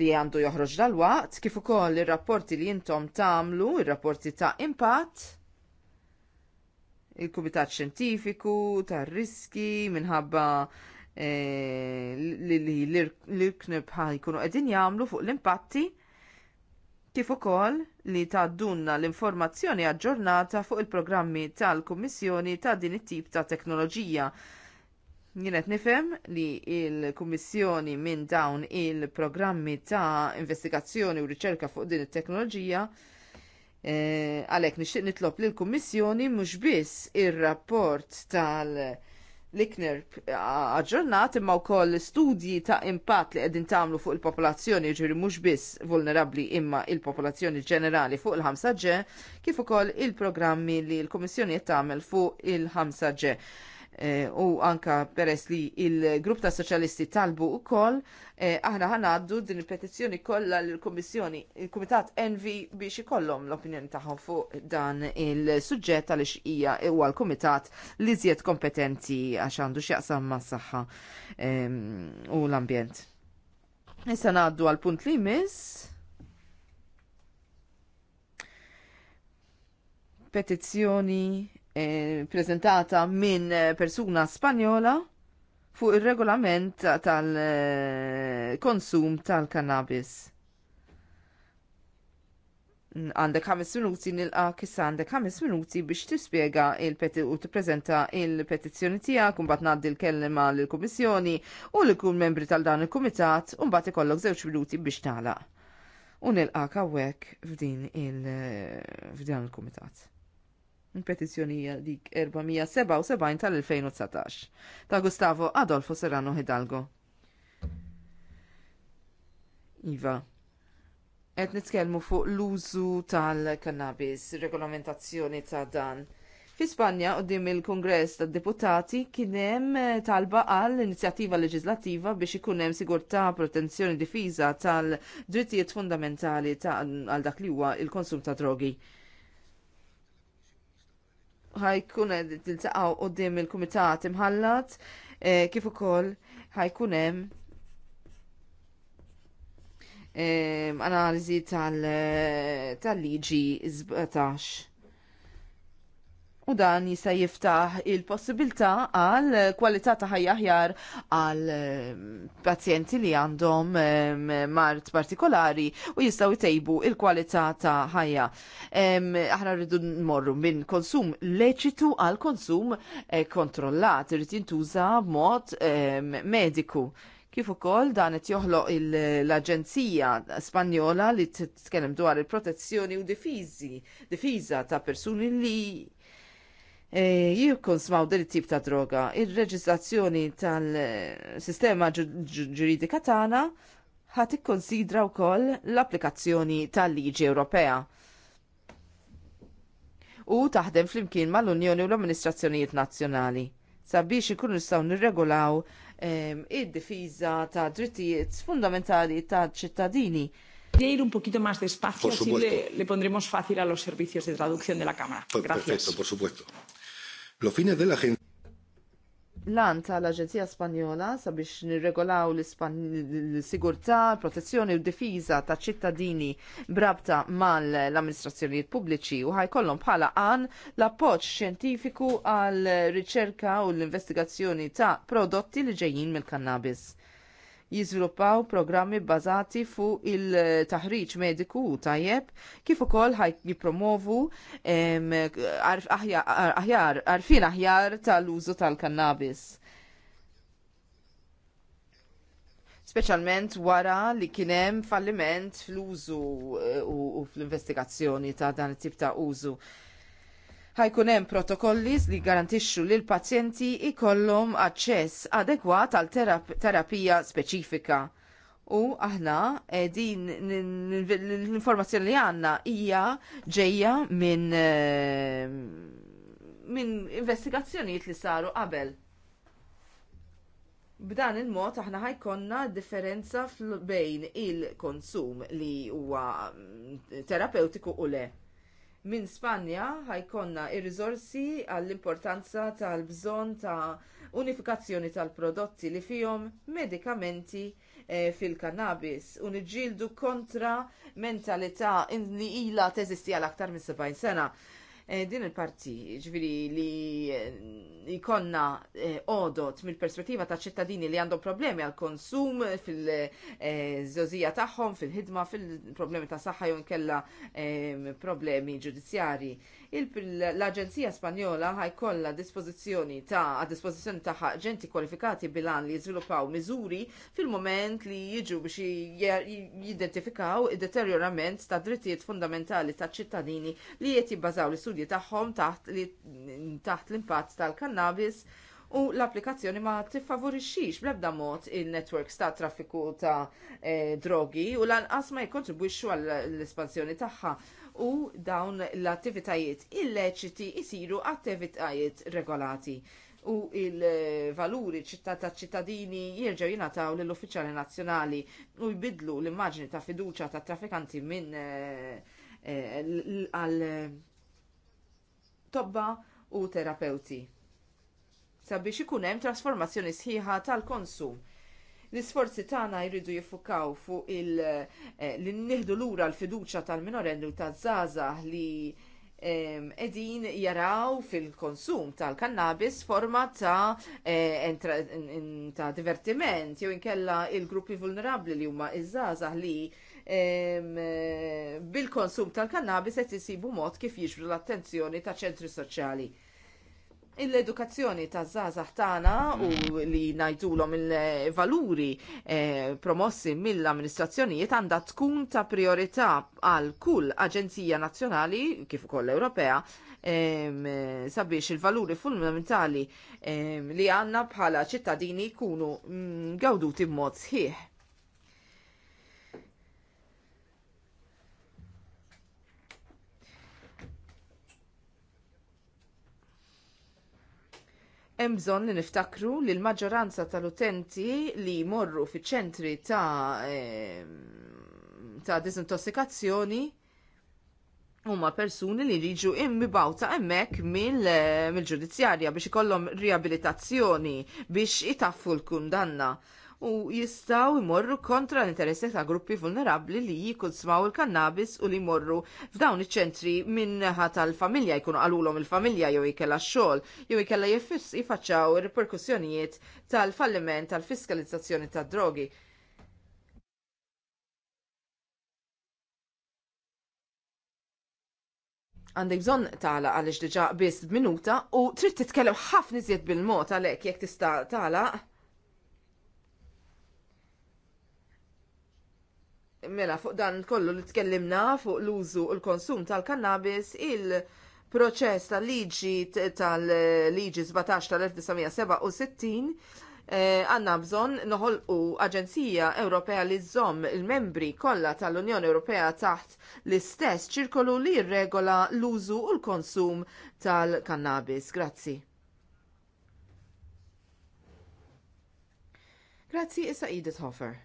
li għandu joħroġ dal-waqt, kif ukoll ir-rapporti li intom tagħmlu, ir-rapporti ta' impatt, il-kubitat xjentifiku, tar-riski, minħabba eh, li l-irknib ħajkunu qegħdin jagħmlu fuq l-impatti kif ukoll li tgħaddunna l-informazzjoni aġġornata fuq il-programmi tal-Kummissjoni ta' din it-tip ta' teknoloġija. Jien qed nifhem li l-Kummissjoni minn dawn il-programmi ta' investigazzjoni u riċerka fuq din it-teknoloġija eh, għalhekk nixtieq nitlob lill kummissjoni mhux biss ir-rapport tal- l-ikner aġġornat imma wkoll studji ta' impatt li qegħdin tagħmlu fuq il-popolazzjoni ġiri jiġifieri mhux biss vulnerabbli imma il-popolazzjoni ġenerali fuq il-5G kif ukoll il-programmi li l-Kummissjoni qed tagħmel fuq il-5G. Eh, u anka peress li il-grupp ta' soċjalisti talbu u koll, eh, aħna ħanaddu din il-petizzjoni kollha l-Kummissjoni, il-Kumitat Envi biex ikollhom l-opinjoni tagħhom fuq dan il-suġġett għaliex hija huwa l-Kumitat li żjed kompetenti għax għandu x'jaqsam mas-saħħa ehm, u l-ambjent. Issa ngħaddu għal punt li miss. petizzjoni Eh, prezentata minn eh, persuna Spanjola fuq ir-regolament tal-konsum eh, tal-kannabis. Għandek 5 minuti nilqa kissa għandek 5 minuti biex tispjega u u tippreżenta il-petizzjoni tiegħek kumbat naddi ngħaddi l kellema lill-Kummissjoni u li kull membri tal-dan il-Kumitat u mbagħad ikollok żewġ minuti biex tagħlaq. U nilqak hawnhekk f'din il-kumitat. Il-petizzjonija dik 477 tal-2019 ta' Gustavo Adolfo Serrano Hidalgo. Iva, qed nitkellmu fuq l-użu tal-kannabis, regolamentazzjoni ta' dan. Fi Spanja, dim il-Kongress tad Deputati, kien hemm eh, talba għal inizjattiva leġislattiva biex ikun hemm sigurtà protenzjoni difiża tal-drittijiet fundamentali għal dak li huwa il-konsum ta' drogi ħajkun tiltaqgħu quddiem il-kumitat imħallat e, kif ukoll ħajkun hemm e, analiżi tal-liġi 17 u dan jista' jiftaħ il-possibilità għal kwalità ta' ħajja aħjar għal ehm, pazjenti li għandhom ehm, mart partikolari u jistgħu jtejbu il-kwalità ta' ħajja. Ehm, aħna rridu nmorru minn konsum leċitu għal konsum eh, kontrollat, irid jintuża b'mod mediku. Kif ukoll dan qed joħloq l-Aġenzija Spanjola li titkellem dwar il-protezzjoni u difiżi, difiża ta' persuni li E, jikkonsmaw din tip ta' droga. Ir-reġistrazzjoni tal-sistema ġuridika tagħna ħat ikkonsidra wkoll l-applikazzjoni tal-liġi Ewropea u taħdem flimkien mal-Unjoni u l-Amministrazzjonijiet Nazzjonali sabiex ikunu nistgħu nirregolaw id-difiża ta' drittijiet fundamentali ta' ċittadini. Ir un poquito más despacio, así le, le pondremos fácil a los servicios de traducción de la Cámara. Gracias. Perfecto, por supuesto. Lo fine della Lan tal-Aġenzija Spanjola sabiex nirregolaw l-sigurtà, protezzjoni u difiża ta' ċittadini brabta mal-amministrazzjonijiet pubbliċi u ħajkollhom bħala għan l-appoġġ xjentifiku għal riċerka u l-investigazzjoni ta' prodotti li ġejjin mill-kannabis jiżviluppaw programmi bbażati fuq il-taħriġ mediku tajjeb kif ukoll ħaj jippromovu aħjar għarfien aħjar tal-użu tal-kannabis. Speċjalment wara li kien hemm falliment fl-użu eh, u fl-investigazzjoni ta' dan it-tip ta' użu ħajkun hemm protokolli li garantixxu lil pazjenti jkollhom aċċess adekwat għal terapija speċifika. U aħna din l-informazzjoni li għandna hija ġejja minn eh, minn investigazzjonijiet li saru qabel. B'dan il-mod aħna ħajkonna differenza bejn il-konsum li huwa terapeutiku u le minn Spanja ħajkonna ir-riżorsi għall-importanza tal-bżonn ta' unifikazzjoni tal-prodotti li fihom medikamenti e, eh, fil-kannabis u nġildu kontra mentalità li ilha teżisti għal aktar minn 70 sena. Eh, din il-parti, ġviri li jikonna eh, eh, odot mill-perspettiva ta' ċittadini li għandhom problemi għal konsum fil-żożija tagħhom, fil-ħidma, fil-problemi ta' saħħa jew kella problemi ġudizzjari. L-Aġenzija Spanjola ħajkollha dispożizzjoni ta' a dispożizzjoni ta' ġenti kwalifikati bilan li jiżviluppaw miżuri fil-moment li jiġu biex jidentifikaw id-deterjorament ta' drittijiet fundamentali ta' ċittadini li qed jibbażaw l-istudji studji tagħhom taħt l-impatt tal-kannabis u l-applikazzjoni ma tiffavorixxix bl-ebda mod il-networks ta' traffiku ta' e, drogi u lanqas ma jkontribwixxu għall-espansjoni tagħha u dawn l-attivitajiet illeċiti jisiru attivitajiet regolati u il-valuri ta' ċittadini jirġaw jingħataw lill uffiċjali nazzjonali u jbidlu l-immaġni ta' fiduċja tat traffikanti minn eh, eh, għal tobba u terapewti. Sabiex ikun hemm trasformazzjoni sħiħa tal-konsum. L-isforzi tagħna jridu jiffukaw fuq il eh, nieħdu lura l-fiduċja tal-minorenni u taż-żgħażagħ li edin jaraw fil-konsum tal-kannabis forma ta' eh, ta' divertiment jew inkella il-gruppi vulnerabli li huma iż-żgħażagħ li Eh, bil-konsum tal-kannabis qed isibu mod kif jiġbru l-attenzjoni ta' ċentri soċjali. L-edukazzjoni ta' zazah tagħna u li ngħidulhom il-valuri eh, promossi mill-amministrazzjonijiet għandha tkun ta' priorità għal kull aġenzija nazzjonali kif ukoll Ewropea sabiex il-valuri fundamentali li għandna bħala ċittadini jkunu mm, gawduti b'mod sħiħ Hemm bżonn li niftakru li l-maġġoranza tal-utenti li jmorru fiċ ċentri ta' ta' disintossikazzjoni huma persuni li jiġu imbibawta hemmhekk eh, mill-ġudizzjarja biex ikollhom riabilitazzjoni biex itaffu l-kundanna u jistgħu jmorru kontra l-interessi ta' gruppi vulnerabbli li jikkunsmaw il-kannabis u li jmorru f'dawn iċ-ċentri minnaħa tal-familja jkunu qalulhom il-familja jew ikella x-xogħol jew ikella jifaċċaw ir riperkussjonijiet tal-falliment tal-fiskalizzazzjoni tad-drogi. għandek bżon tala għalix diġa bis minuta u trid titkellem ħafna iżjed bil-mod għalhekk jekk tista' tala mela fuq dan kollu li tkellimna fuq l-użu u l-konsum tal-kannabis il-proċess tal-liġi tal-liġi 17 tal-1967 eh, għanna bżon noħol noħolqu Aġenzija Ewropea li zom il-membri kollha tal-Unjoni Ewropea taħt l-istess ċirkolu li jirregola l-użu u l-konsum tal-kannabis. Grazzi. Grazzi issa Edith Hoffer.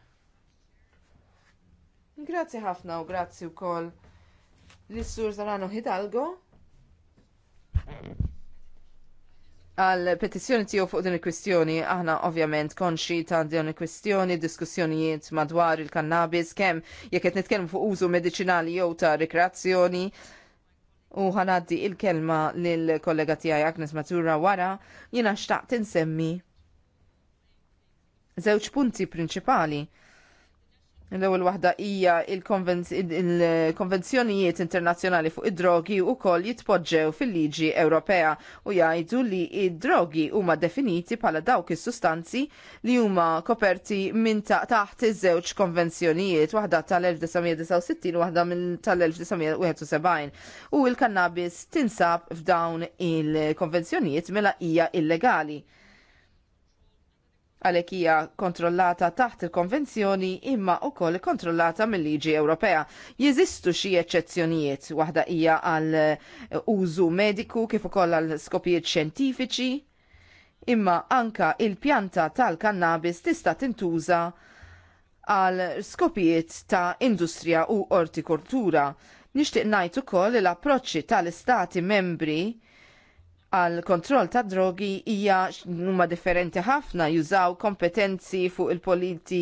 Grazzi ħafna u grazzi wkoll l-Sur Zarano Hidalgo għal petizzjoni tiegħu fuq din il-kwistjoni, aħna ovvjament konxi ta' din il-kwistjoni, diskussjonijiet madwar il-kannabis, kemm jekk qed nitkellmu fuq użu mediċinali jew ta' rekreazzjoni. U ħanaddi il-kelma lill kollega tiegħi Agnes Matura wara jiena xtaqt insemmi żewġ punti prinċipali L-ewwel waħda hija il-konvenzjonijiet internazzjonali fuq id-drogi wkoll jitpoġġew fil-liġi Ewropea u jgħidu li id-drogi huma definiti bħala dawk is-sustanzi li huma koperti minn taħt iż-żewġ konvenzjonijiet waħda tal-1969 u waħda tal-1971 u l-kannabis tinsab f'dawn il-konvenzjonijiet mela hija illegali għalhekk hija kontrollata taħt il-konvenzjoni imma wkoll kontrollata mill-liġi Ewropea. Jeżistu xi eċċezzjonijiet waħda hija għal użu mediku kif ukoll għal skopijiet xjentifiċi, imma anka il-pjanta tal-kannabis tista' tintuża għal skopijiet ta' industrija u ortikultura. Nixtieq ngħid ukoll l-approċċi tal-istati membri għal kontroll ta' drogi hija huma differenti ħafna jużaw kompetenzi fuq il-politi,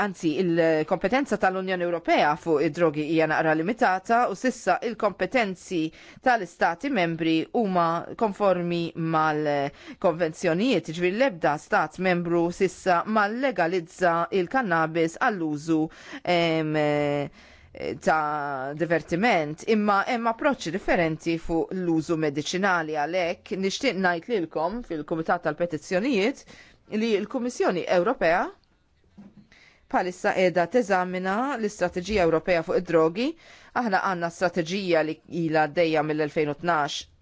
anzi il-kompetenza tal-Unjoni Ewropea fuq id-drogi hija naqra limitata u sissa il-kompetenzi tal-istati membri huma konformi mal-konvenzjonijiet, ġviri l-ebda stat membru sissa mal-legalizza il-kannabis għall-użu ta' divertiment, imma hemm approċċi differenti fuq l-użu mediċinali għalhekk nixtieq ngħid lilkom fil-Kumitat tal-Petizzjonijiet li l-Kummissjoni Ewropea palissa qiegħda teżamina l-Istrateġija Ewropea fuq id-drogi. Aħna għandna strateġija li ilha għaddejja mill-2012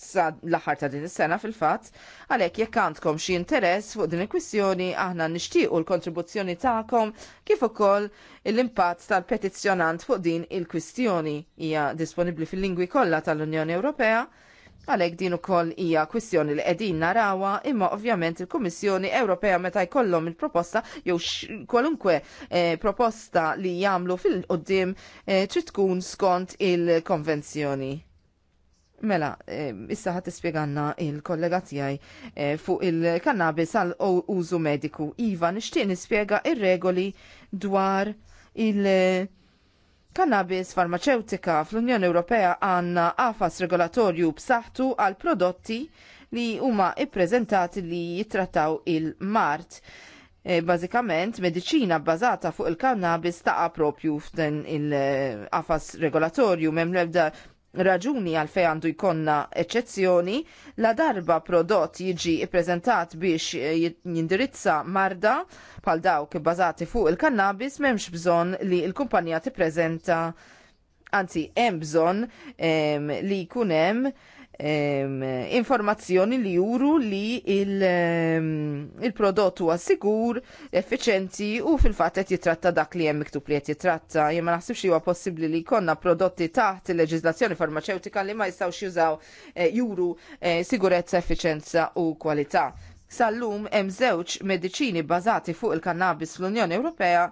sa l-aħħar ta' din is-sena fil-fatt, għalhekk jekk għandkom xi interess fuq din il-kwistjoni aħna nixtiequ l-kontribuzzjoni tagħkom kif ukoll l-impatt tal-petizzjonant fuq din il-kwistjoni hija disponibbli fil-lingwi kollha tal-Unjoni Ewropea. Għalhekk din ukoll hija kwistjoni li qegħdin narawha, imma ovvjament il-Kummissjoni Ewropea meta jkollhom il-proposta jew kwalunkwe eh, proposta li jagħmlu fil-qudiem eh, trid tkun skont il-konvenzjoni Mela, eh, issa ħat ispieganna il-kollega tijaj eh, fuq il-kannabis għal użu mediku. Iva, nishtiq nispiega il regoli dwar il- Kannabis farmaceutika fl-Unjoni Ewropea għanna għafas regolatorju b'saħħtu għal prodotti li huma ippreżentati li jittrattaw il-mart. E, Bażikament, mediċina bbażata fuq il-kannabis taqa' propju f'dan il-qafas regolatorju memlebda l-ebda raġuni għal fej għandu jkonna eccezzjoni, la darba prodott jiġi prezentat biex jindirizza marda pal dawk bazati fuq il-kannabis memx bżon li l-kumpanija tippreżenta anzi hemm bżonn li jkun hemm informazzjoni li juru li il-prodott il huwa sigur, effiċenti u fil-fatt qed jitratta dak li hemm miktub li qed jitratta. Jien ma naħsibx huwa possibbli li jkollna prodotti taħt il-leġiżlazzjoni farmaceutika li ma jistgħux jużaw eh, juru eh, sigurezza, effiċenza u kwalità. Sal-lum hemm żewġ mediċini bażati fuq il-kannabis fl-Unjoni Ewropea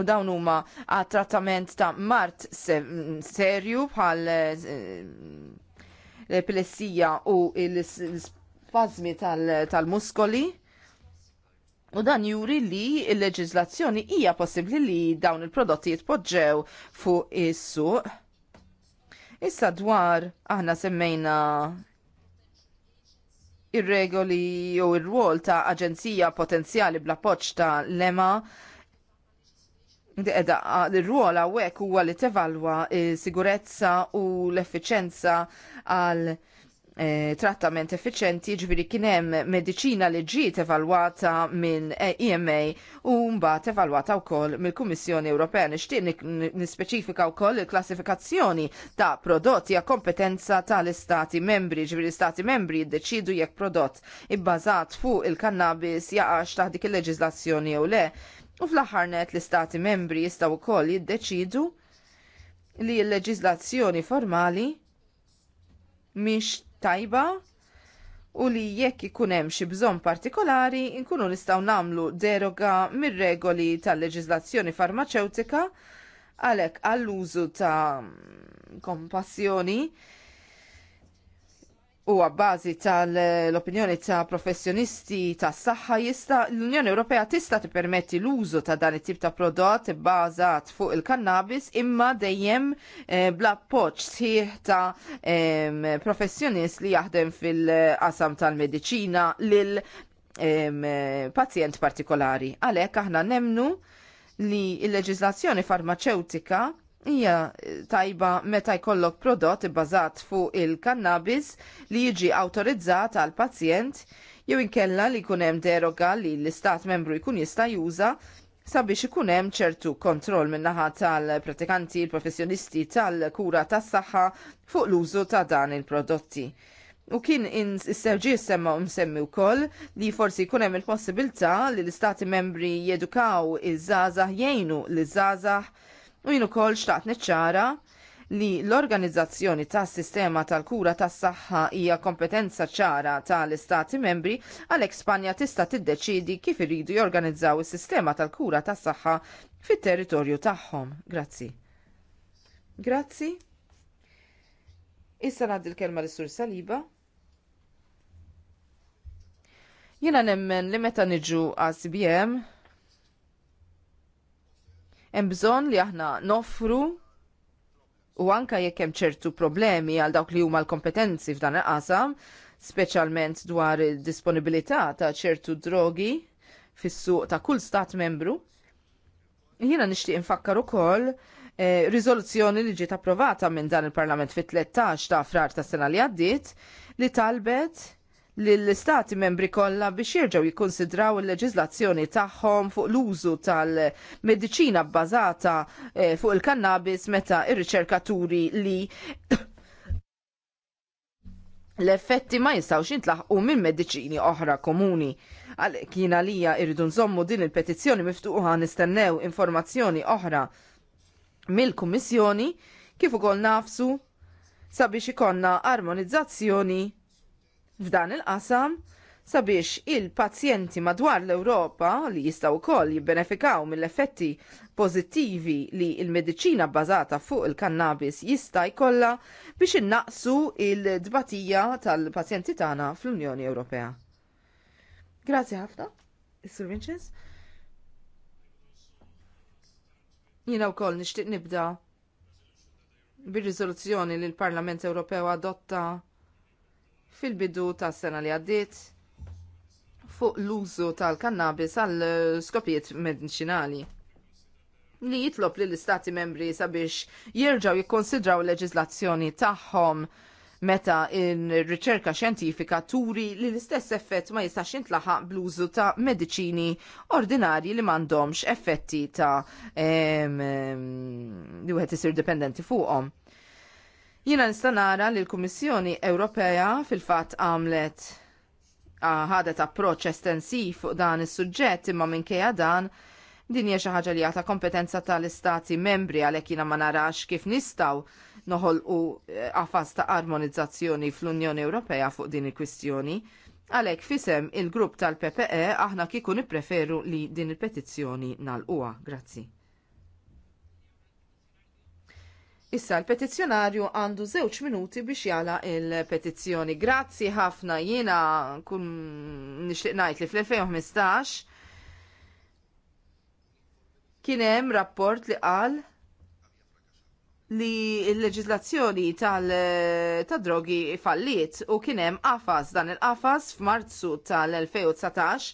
u dawn huma għat trattament ta' mart serju bħal l-epilessija eh, u l-spazmi tal-muskoli. U dan juri li il-leġizlazzjoni hija possibbli li dawn il-prodotti jitpoġġew fuq is-suq. Issa dwar aħna semmejna ir-regoli jew ir-rwol ta' aġenzija potenzjali bla poċ ta' lema ir-rwol hawnhekk huwa li tevalwa s sigurezza u l-effiċenza għal Eh, trattament effiċenti ġviri kienem medicina li ġiet evalwata minn EMA u mbagħad evalwata wkoll mill-Kummissjoni Ewropea. Nixtieq nispeċifika wkoll il-klassifikazzjoni ta' prodotti għal kompetenza tal-istati membri, ġviri stati membri jiddeċidu jekk prodott ibbażat fuq il-kannabis jaqax taħt dik il-leġiżlazzjoni jew le. U fl-aħħar l-istati membri jistgħu wkoll jiddeċidu li l-leġiżlazzjoni formali miex tajba u li jekk ikun hemm xi bżonn partikolari nkunu nistgħu nagħmlu deroga mir-regoli tal-leġiżlazzjoni farmaceutika għalhekk għall-użu ta' kompassjoni u għabbażi tal-opinjoni ta' professjonisti ta' saħħa jista' l-Unjoni Ewropea tista' tippermetti l-użu ta' dan it-tip ta' prodott bbażat fuq il-kannabis imma dejjem eh, bla poċ sħiħ ta' ehm, professjonist li jaħdem fil-qasam tal medicina lil ehm, pazjent partikolari. Għalhekk aħna nemnu li l-leġiżlazzjoni farmaceutika hija tajba meta jkollok prodott ibbażat fuq il-kannabis li jiġi autorizzat għal pazjent jew inkella li jkun hemm deroga li l-istat membru jkun jista' juża sabiex ikun hemm ċertu kontroll min-naħa tal-pratikanti l professjonisti tal-kura tas-saħħa fuq l-użu ta' dan il-prodotti. U kien is-serġi semma msemmi wkoll li forsi jkun hemm il-possibilità li l-istati membri jedukaw iż-żgħażagħ jgħinu l-żgħażagħ U jinu ukoll xtaqt neċċara li l-organizzazzjoni tas sistema tal-kura tas saħħa hija kompetenza ċara tal-Istati membri għalhekk Spanja tista' tiddeċidi kif iridu jorganizzaw is-sistema tal-kura tas saħħa fit-territorju tagħhom. Grazzi. Grazzi. Issa ngħaddi l-kelma l sur Saliba. Jiena nemmen li meta niġu għas CBM Hemm bżonn li aħna nofru u anka jekk hemm ċertu problemi għal dawk li huma l-kompetenzi f'dan il-qasam, speċjalment dwar id disponibilità ta' ċertu drogi fis-suq ta' kull stat membru. Jiena nixtieq infakkar ukoll eh, riżoluzzjoni li ġiet approvata minn dan il-Parlament fit-13 ta' frar ta' sena li għaddiet li talbet l istati membri kollha biex jerġgħu jikkonsidraw il-leġiżlazzjoni tagħhom fuq l-użu tal-mediċina bbażata eh, fuq il-kannabis meta ir-riċerkaturi li l-effetti ma jistawx jintlaħqu minn mediċini oħra komuni. Għalhekk jien għalija irridu nżommu din il-petizzjoni miftuħa nistennew informazzjoni oħra mill-Kummissjoni kif ukoll nafsu sabiex ikonna armonizzazzjoni f'dan il-qasam sabiex il-pazjenti madwar l-Ewropa li jistaw wkoll jibbenefikaw mill-effetti pożittivi li l mediċina bazata fuq il-kannabis jista' jkollha biex innaqsu l dbatija tal-pazjenti tagħna fl-Unjoni Ewropea. Grazzi ħafna, Sir Vincenz. Jiena wkoll nixtieq nibda bir-riżoluzzjoni li l-Parlament Ewropew adotta fil-bidu tas sena li għaddiet fuq l-użu tal-kannabis għal eh, skopijiet medicinali li jitlob li l-istati membri sabiex jirġaw jikkonsidraw leġizlazzjoni tagħhom meta in-riċerka xjentifika turi li l-istess effett ma jistax jintlaħaq bl-użu ta' mediċini ordinarji li m'għandhomx effetti ta' li wieħed isir dipendenti fuqhom. Jiena nista' nara li l-Kummissjoni Ewropea fil-fatt għamlet ħadet approċċ estensiv fuq dan is-suġġett imma minkejja dan din hija xi ħaġa li għata kompetenza tal-istati membri għalhekk jiena ma narax kif nistgħu noħolqu e, qafas ta' armonizzazzjoni fl-Unjoni Ewropea fuq din il-kwistjoni. Għalek fisem il-grupp tal-PPE aħna kieku nippreferu li din il-petizzjoni nal-uwa. Grazzi. Issa l-petizzjonarju għandu żewġ minuti biex jala il-petizzjoni. Grazzi ħafna jiena kun nixtieq ngħid li fl-2015 kien hemm rapport li qal li l-leġislazzjoni tal-drogi falliet u kien hemm qafas dan il-qafas f'Marzu tal-2019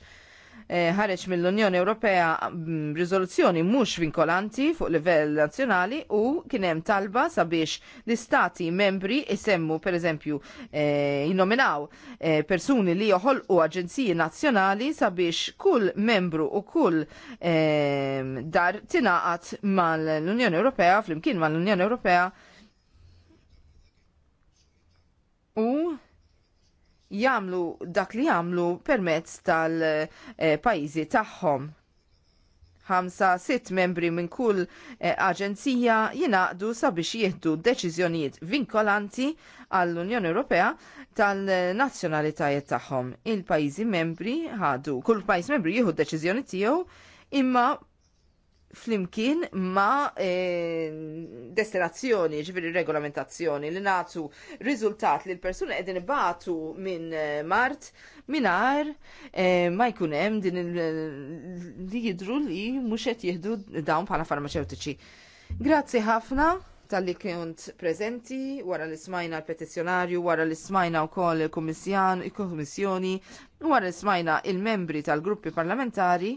Eh, ħareġ mill-Unjoni Ewropea mm, riżoluzzjoni mhux vinkolanti fuq livell nazzjonali u kien hemm talba sabiex l-istati membri isemmu pereżempju eh, jinnominaw eh, persuni li joħolqu aġenziji nazzjonali sabiex kull membru u kull dar tingħaqad mal-Unjoni Ewropea flimkien mal-Unjoni Ewropea u jagħmlu dak li jagħmlu permezz tal-pajjiżi eh, tagħhom. Ħamsa sitt membri minn kull eh, aġenzija jingħaqdu sabiex jieħdu deċiżjonijiet vinkolanti għall-Unjoni Ewropea tal-nazzjonalitajiet tagħhom. Il-pajjiżi membri ħadu, kull pajjiż membri jieħu deċiżjoni tiegħu imma flimkien ma eh, destilazzjoni, ġifiri regolamentazzjoni li natu riżultat li l-persuna edin batu minn eh, Mart ar, eh, ma jkunem din li jidru li muxet jihdu dawn bħala farmaceutiċi. Grazzi ħafna tal-li kont prezenti wara li smajna l-petizjonarju, wara li smajna u koll il komissjoni wara li ismajna il-membri tal-gruppi parlamentari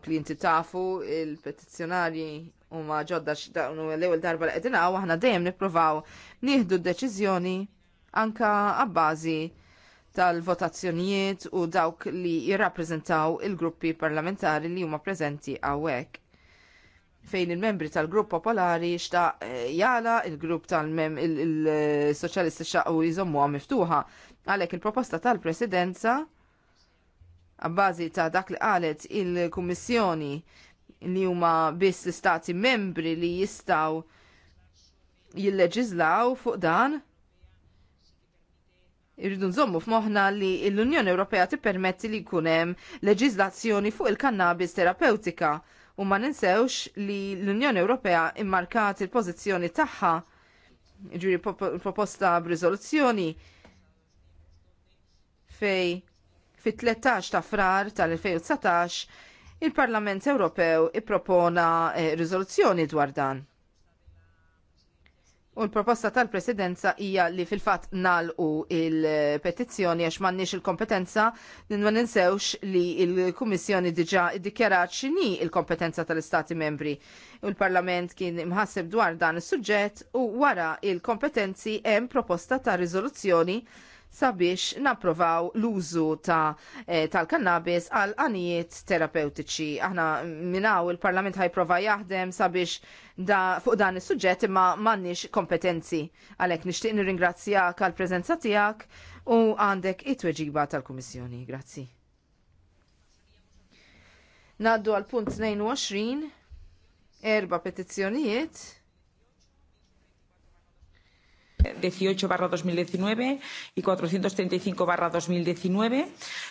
klienti tafu il-petizzjonarji huma ġodda x'daqnu l-ewwel darba li edina u aħna dejjem nippruvaw nieħdu d-deċiżjoni anka għabbażi tal-votazzjonijiet u dawk li jirrappreżentaw il-gruppi parlamentari li huma preżenti hawnhekk fejn il-membri tal-grupp popolari xta eh, jala il-grupp tal mem il eh, soċjalisti u jizommu miftuħa. Għalek il-proposta tal-presidenza Għabbażi ta' dak li qalet il-Kummissjoni li huma biss l-istati membri li jistaw jilleġizlaw fuq dan. Irridu nżommu f'moħħna li l-Unjoni Ewropea tippermetti li jkun hemm fuq il-kannabis terapeutika u ma ninsewx li l-Unjoni Ewropea immarkat il-pożizzjoni tagħha ġuri proposta b'riżoluzzjoni fej Fit-13 ta' frar tal-2019 il-Parlament Ewropew ippropona eh, riżoluzzjoni dwar dan. U l-proposta tal-presidenza hija li fil-fatt nalqu il-petizzjoni għax m'għandniex il-kompetenza ma ninsewx li il-Kummissjoni diġà iddikjarat x'inhi il-kompetenza tal-Istati membri. U l-Parlament kien imħasseb dwar dan is-suġġett u wara il-kompetenzi hemm proposta ta' riżoluzzjoni sabiex napprovaw l-użu ta' eh, tal-kannabis għal anijiet terapeutiċi. Aħna minnaw il-Parlament ħajprova jaħdem sabiex da, fuq dan is-suġġett imma m'għandniex kompetenzi. Għalhekk nixtieq nirringrazzjak għall preżenza tiegħek u għandek it-tweġiba tal-Kummissjoni. Grazzi. Naddu għal punt 22, erba petizzjonijiet 18 barra 2019 y 435 barra 2019.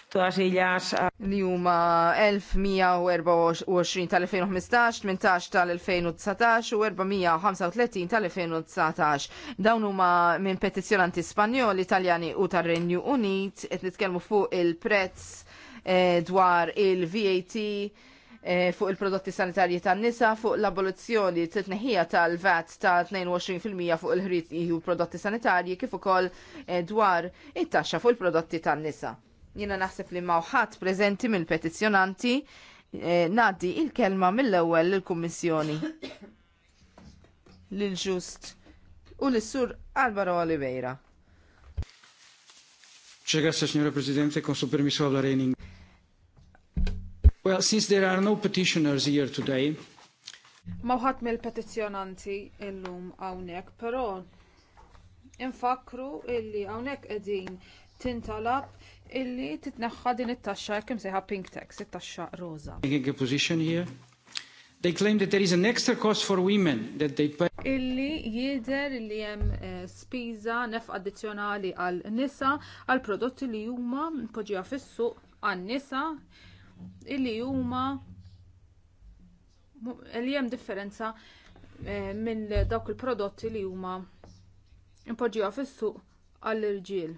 Todas ellas... Ah, Li huma 1124 tal-2015, 18 tal-2019 u 435 tal-2019. Dawn huma minn petizjonanti Spanjol, Italjani u tal renju Unit, qed nitkellmu fuq il-prezz eh, dwar il-VAT Eh, fuq il-prodotti sanitarji tan-nisa, fuq l-abolizzjoni t-tneħija tal-VAT ta' 22% fuq il-ħrit u prodotti sanitarji kif ukoll eh, dwar it-taxxa fuq il-prodotti tan-nisa. Jiena naħseb li mawħat preżenti mill-petizzjonanti eh, naddi il-kelma mill-ewwel il kummissjoni Lil ġust u l-Sur Alvaro Oliveira. Ċegassa, signora Presidente, con su permesso alla Well, since there are no petitioners here today, Mawħat mill-petizjonanti illum hawnhekk, però infakru illi hawnhekk qegħdin tintalab illi titneħħa din it-taxxa kemm sejħa pink tax, it-taxxa roża. Taking a position here. They claim that there is an extra cost for women that they pay. Illi jider li jem eh, spiza nef addizzjonali għal nisa għal prodotti li huma poġija fis għal għan nisa illi huma li hemm differenza eh, minn dawk il-prodotti li huma impoġġiha fis-suq għall-irġiel.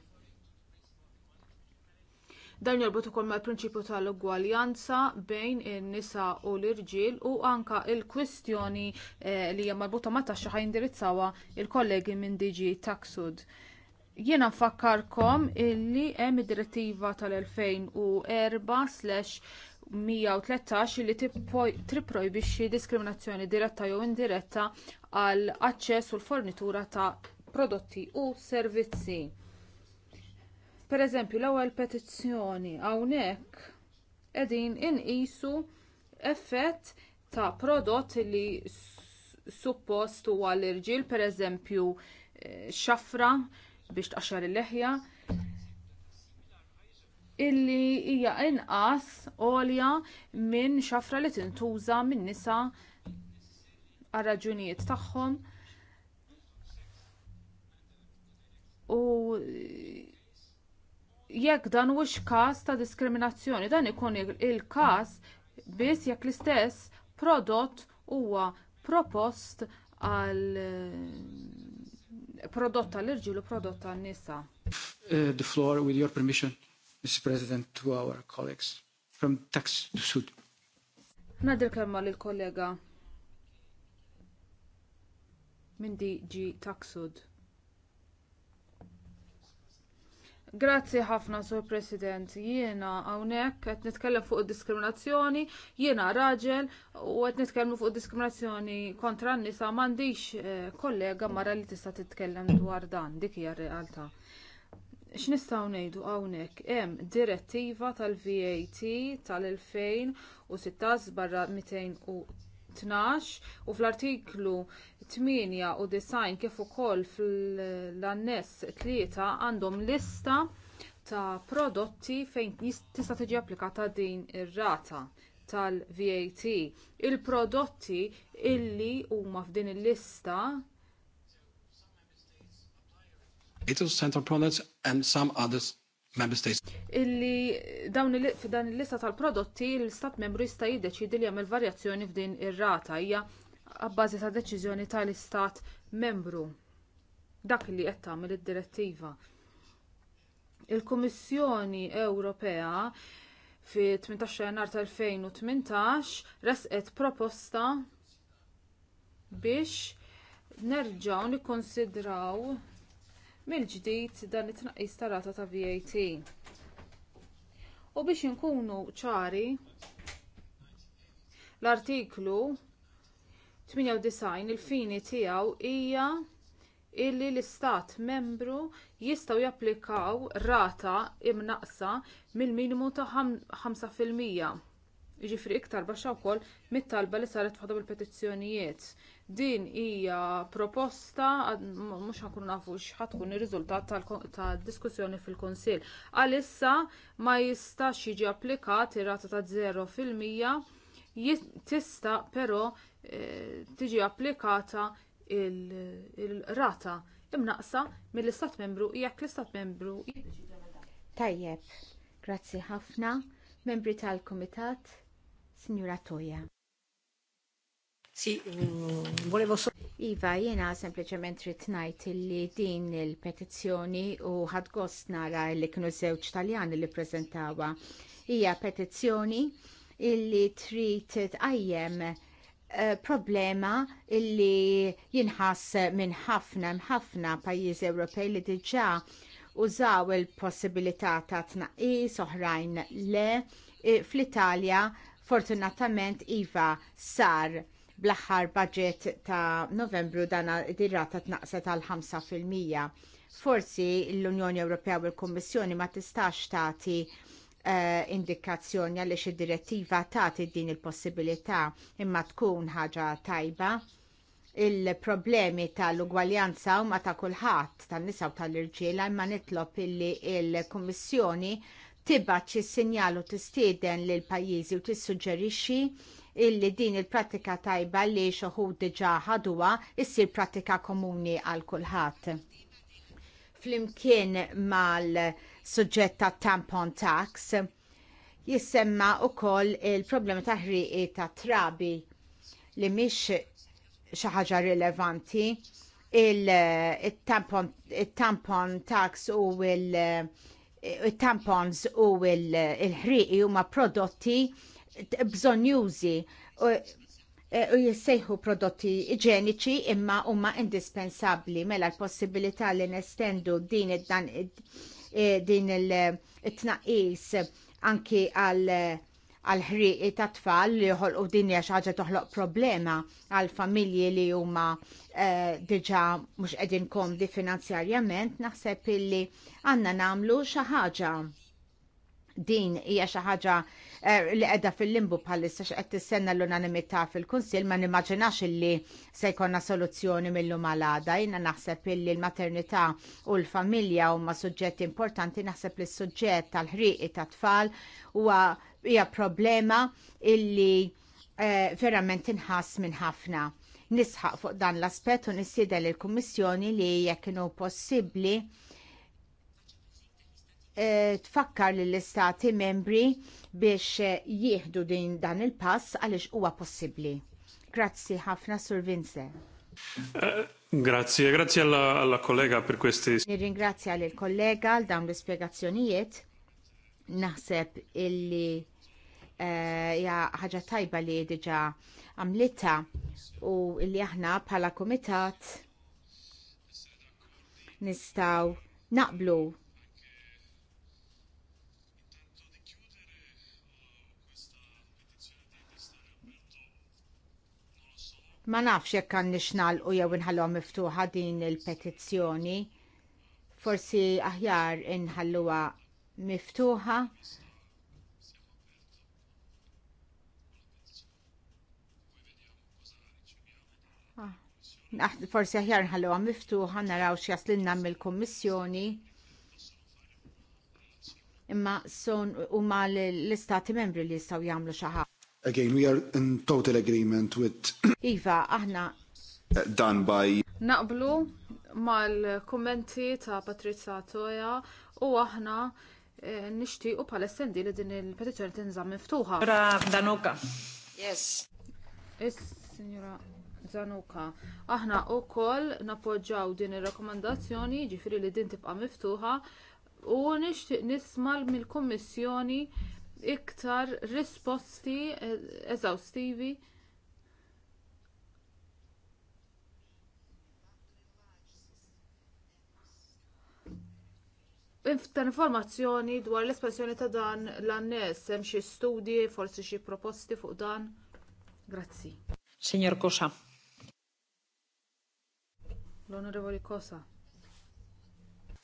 Dan jorbot ukoll mal-prinċipju tal-ugwaljanza bejn in-nisa u l-irġiel u anka il-kwistjoni eh, li hija marbuta ma' taxxa ħajndirizzawha il-kollegi minn DG T'Axud. Jiena nfakkarkom illi hemm id-direttiva tal-2004/113 li tipprojbixxi diskriminazzjoni diretta jew indiretta għal aċċess u l-fornitura ta' prodotti u servizzi. Pereżempju l-ewwel petizzjoni hawnhekk qegħdin inqisu effett ta' prodott li suppost huwa l-irġiel pereżempju eh, xafra biex taqxar il-leħja illi hija inqas għolja minn xafra li tintuża minn nisa għal raġunijiet tagħhom u jekk dan mhux każ ta' diskriminazzjoni, dan ikun il-każ biss jekk l-istess prodott huwa propost għal prodotta l-irġilu prodotta n-nisa. Uh, the floor with your permission, Mr. President, to our colleagues from Tax to Sud. Nadir kelma l kollega minn DG Taxud. Grazzi ħafna, Sur President. Jiena hawnhekk qed nitkellem fuq id diskriminazzjoni, jiena raġel u qed nitkellmu fuq id diskriminazzjoni kontra n-nisa m'għandix eh, kollega mara li tista' titkellem dwar dan, dik hija realtà X'nistgħu ngħidu hawnhekk hemm direttiva tal-VAT tal-2016 barra 12 u fl-artiklu 8 u design kif ukoll fl-anness 3 għandhom lista ta' prodotti fejn tista' tiġi applikata din ir-rata tal-VAT. Il-prodotti illi huma f'din il-lista It is central products and some others Member States. Illi dawn f'dan il-lista tal-prodotti l-Stat membru jista' jiddeċidi li jagħmel varjazzjoni f'din ir-rata hija abbażi ta' deċiżjoni tal-Istat membru. Dak li qed tagħmel id-direttiva. Il-Kummissjoni Ewropea fi 18 jannar tal-2018 resqet proposta biex nerġgħu nikkonsidraw mill-ġdid dan it-tnaqqis tar-rata ta' VAT. U biex inkunu ċari, l-artiklu 98 il-fini tiegħu hija illi l-istat membru jistgħu japplikaw rata imnaqsa mill-minimu ta' 5% jiġifieri iktar baxxa wkoll mit-talba li saret waħda mill-petizzjonijiet. Din hija proposta mhux ħankunu nafu x'ħatkun ir-riżultat tad-diskussjoni fil-Kunsill. Għalissa ma jistax jiġi applikat ir-rata ta' 0 fil-mija tista però eh, tiġi applikata il-rata imnaqsa mill-istat membru jekk l-istat membru Tajjeb, grazzi ħafna, membri tal-Kumitat. Signora Sì, um, volevo solo... Iva, jena sempliciment ritnajt li din il-petizzjoni u ħadgost nara li kienu żewġ taljani li prezentawa. Hija petizzjoni illi trid tqajjem eh, problema illi jinħass minn ħafna ħafna pajjiżi Ewropej li diġà użaw il-possibilità ta' tnaqqis oħrajn le eh, fl-Italja Fortunatament Iva sar bl-aħħar budget ta' Novembru dan dirata tnaqset għal 5%. Forsi l-Unjoni Ewropea u l-Kommissjoni ma tistax tagħti uh, indikazzjoni għaliex id-direttiva tagħti din il-possibilità imma tkun ħaġa tajba il-problemi tal-ugwaljanza huma ta' kulħadd tan-nisa u tal-irġiela imma nitlob illi il-Kummissjoni il kummissjoni tibbaċ il sinjalu tistieden l pajjiżi u tissuġġerixxi illi din il-pratika tajba li xoħu diġa ħaduwa issir pratika komuni għal kulħadd. Flimkien mal-suġġett ta' tampon tax jissemma wkoll il-problema ta' ħriqi ta' trabi li mhix xi ħaġa rilevanti il-tampon tax u il- tampons u il-ħriqi huma prodotti bżonjużi e, u jissejħu prodotti iġeniċi imma huma indispensabbli mela l-possibilità li nestendu din e, din il-tnaqis anki għal għal ħriqi ta' tfal li joħolqu dinja xaġa toħloq problema għal familji li huma eh, diġa mhux kom di finanzjarjament naħseb illi għandna nagħmlu xi ħaġa din hija xi ħaġa eh, li qiegħda fil-limbu bħalissa x'qed tissenna l-unanimità fil-Kunsill ma nimmaġinax illi se jkollna soluzzjoni minnhom għal għada. Jiena naħseb illi l-maternità u l-familja huma suġġetti importanti naħseb li s-suġġett tal ħriq tat-tfal huwa hija problema illi eh, verament inħass minn ħafna. Nisħaq fuq dan l-aspett u nissiedel il-Kummissjoni li jekk kienu possibbli Eh, tfakkar lill istati membri biex eh, jieħdu din dan il-pass għaliex huwa possibbli. Grazzi ħafna Sur Vince. Eh, grazie, grazie alla, kollega per questi. Nirringrazzja lill kollega għal dawn l-ispjegazzjonijiet. Naħseb illi hija ħaġa tajba li diġa għamlita u illi aħna bħala komitat nistaw naqblu Ma nafx jekk kan nixnal u jew inħallhom miftuħa din il-petizzjoni. Forsi aħjar inħalluha miftuħa ah, forsi aħjar nħalluha miftuħa naraw x'jaslinna mill-Kummissjoni. Imma son huma l-istati membri li jistgħu jagħmlu xi Again, we are in total agreement with... Iva, aħna. Done by... Naqblu mal-kommenti ta' Patrizza Toja u aħna eh, nishti u palestendi li din il-petizjoni tinżam miftuħa. Ra Danuka. Yes. Is, signora Zanuka. Aħna u koll napoġġaw din il rakkomandazzjoni ġifiri li din tibqa miftuħa u nixtieq nismal mill-kommissjoni iktar risposti eżawstivi Ta' informazzjoni dwar l espressjoni ta' dan l-annes, hemm xi studji, forsi xi proposti fuq dan. Grazzi. Signor Kosa. L-Onorevoli Kosa.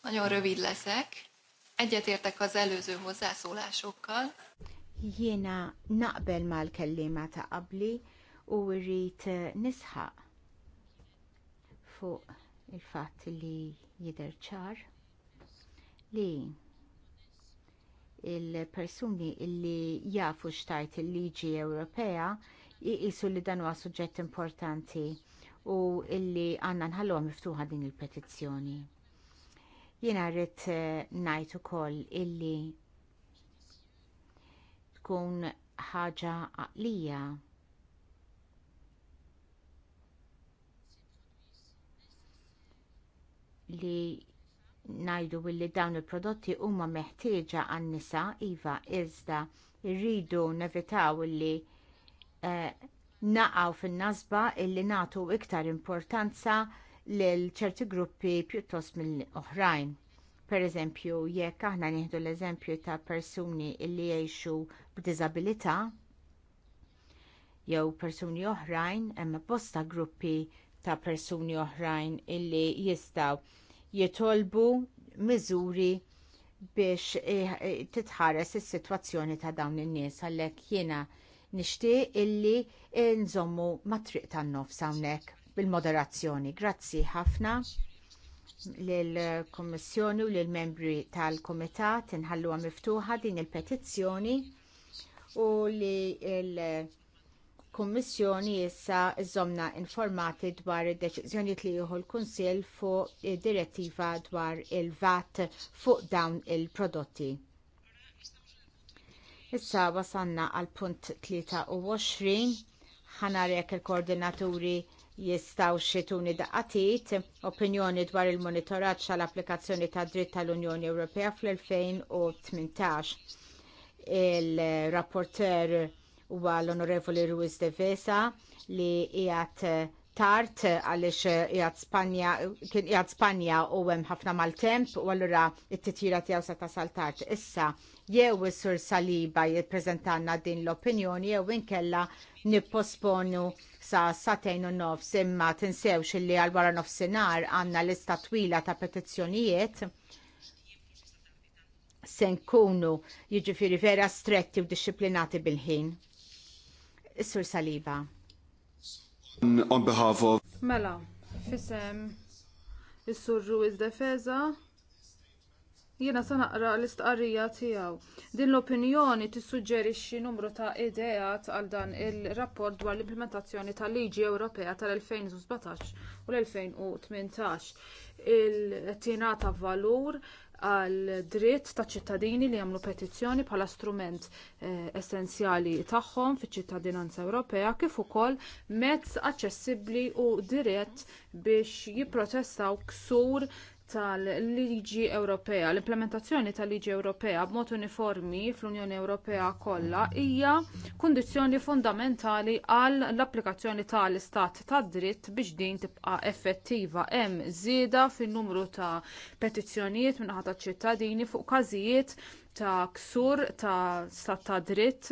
Nagyon rövid leszek. Egyetértek az előző hozzászólásokkal. Jiena naqbel mal-kellima ta' qabli u rrit eh, nisħaq fuq il-fatt li jidher ċar li il-persuni illi jafu xtajt il-liġi Ewropea jisu li dan huwa suġġett importanti u illi għandna nħallu miftuħa din il-petizzjoni. Jiena rrid eh, ngħid ukoll illi tkun ħaġa għaqlija li najdu billi dawn il-prodotti huma meħtieġa għan-nisa iva iżda rridu nevitaw li eh, naqgħu fin-nasba illi nagħtu iktar importanza lil ċerti gruppi pjuttost mill-oħrajn. Pereżempju, jekk aħna nieħdu l-eżempju ta' persuni li jgħixu b'diżabilità jew persuni oħrajn hemm bosta gruppi ta' persuni oħrajn illi jistgħu jitolbu miżuri biex eh, eh, titħares is-sitwazzjoni ta' dawn in-nies għalhekk jiena nixtieq illi nżommu mat-triq tan-nofs hawnhekk bil-moderazzjoni. Grazzi ħafna lill-Kummissjoni u lill-membri tal kumitat inħalluha miftuħa din il-petizzjoni u li l-Kummissjoni issa iżomna informati dwar id-deċiżjoni li jieħu l-Kunsill fuq id direttiva dwar il-VAT fuq dawn il-prodotti. Issa wasanna għal punt 23 ħanarek il-koordinaturi jistaw xituni daqqatit opinjoni dwar il-monitoraċ għal applikazzjoni ta' dritt tal-Unjoni Ewropea fl-2018. Il-rapporter huwa l-Onorevoli Ruiz de Vesa li jgħat tard għaliex jgħat Spanja, kien Spanja u hemm ħafna mal-temp u allura it-titjira tiegħu se tasal tard. Issa jew is-sur Saliba jippreżentanna din l-opinjoni jew inkella nipposponu sa satejn u nofs imma tinsewx illi għal wara nofsinhar għandna lista twila ta' petizzjonijiet se nkunu jiġifieri vera stretti u dixxiplinati bil-ħin. Is-sur Saliba. On behalf of... Mela, fisem is-surru iż-defeza jiena sa naqra l-istqarrija tiegħu. Din l-opinjoni tissuġġerixxi numru ta' ideat għal dan il-rapport dwar l-implementazzjoni tal-Liġi Ewropea tal-2017 u l-2018 il-tina ta' valur għal dritt ta' ċittadini li jagħmlu petizzjoni bħala strument eh, essenzjali tagħhom fiċ-ċittadinanza Ewropea kif ukoll mezz aċċessibbli u dirett biex jipprotestaw ksur tal-liġi Ewropea, l-implementazzjoni tal-liġi Ewropea b'mod uniformi fl-Unjoni Ewropea kollha hija kundizzjoni fundamentali għal l-applikazzjoni tal-istat tad dritt biex din tibqa' effettiva hemm żieda fin-numru ta' petizzjonijiet minħata taċ ċittadini fuq każijiet ta' ksur ta' stat ta' dritt.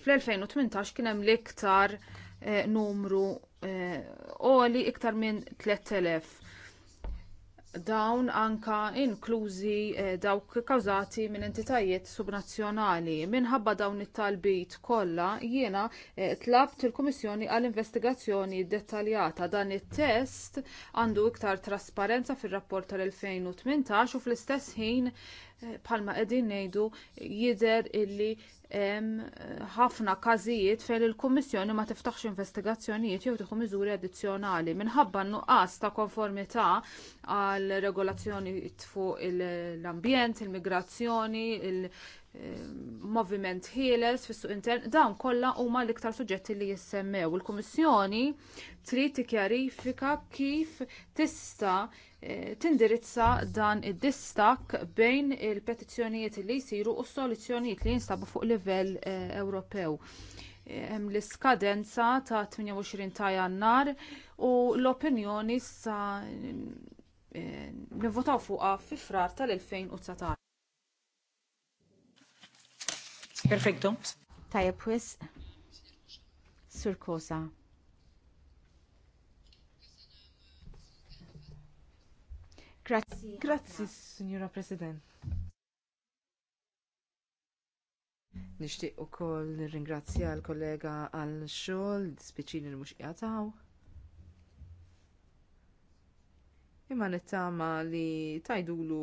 Fl-2018 kien hemm l-iktar eh, numru eh, oli iktar minn 3000 dawn anka inklużi eh, dawk kkawżati minn entitajiet subnazzjonali. Minħabba dawn it-talbit kollha jiena eh, tlabt il-Kummissjoni għall investigazzjoni dettaljata dan it-test għandu iktar trasparenza fir-rapport tal-2018 u fl-istess ħin bħalma eh, qegħdin ngħidu jidher illi Eh, ħafna każijiet fejn il-Kummissjoni ma tiftaħx investigazzjonijiet jew tieħu miżuri addizzjonali minħabba nuqqas ta' konformità għal regolazzjoni fuq l-ambjent, il-migrazzjoni, moviment healers fis-suq intern, dawn kollha huma l-iktar suġġetti li jissemmew. Il-Kummissjoni trid tikkjarifika kif tista' eh, tindirizza dan id-distak bejn il-petizzjonijiet li jsiru u s-soluzzjonijiet li jinstabu fuq livell eh, Ewropew. Eh, hemm l-iskadenza ta' 28 ta' Jannar u l-opinjoni sa' nivvotaw fuqha fi frar tal-2019. Perfetto. Tajja pwis, sur kosa. Grazzi. Grazzi, signora President. Nishtiq u koll ringrazzja l-kollega għal xol, speċini l-mux jgħataw. Imma nittama li tajdulu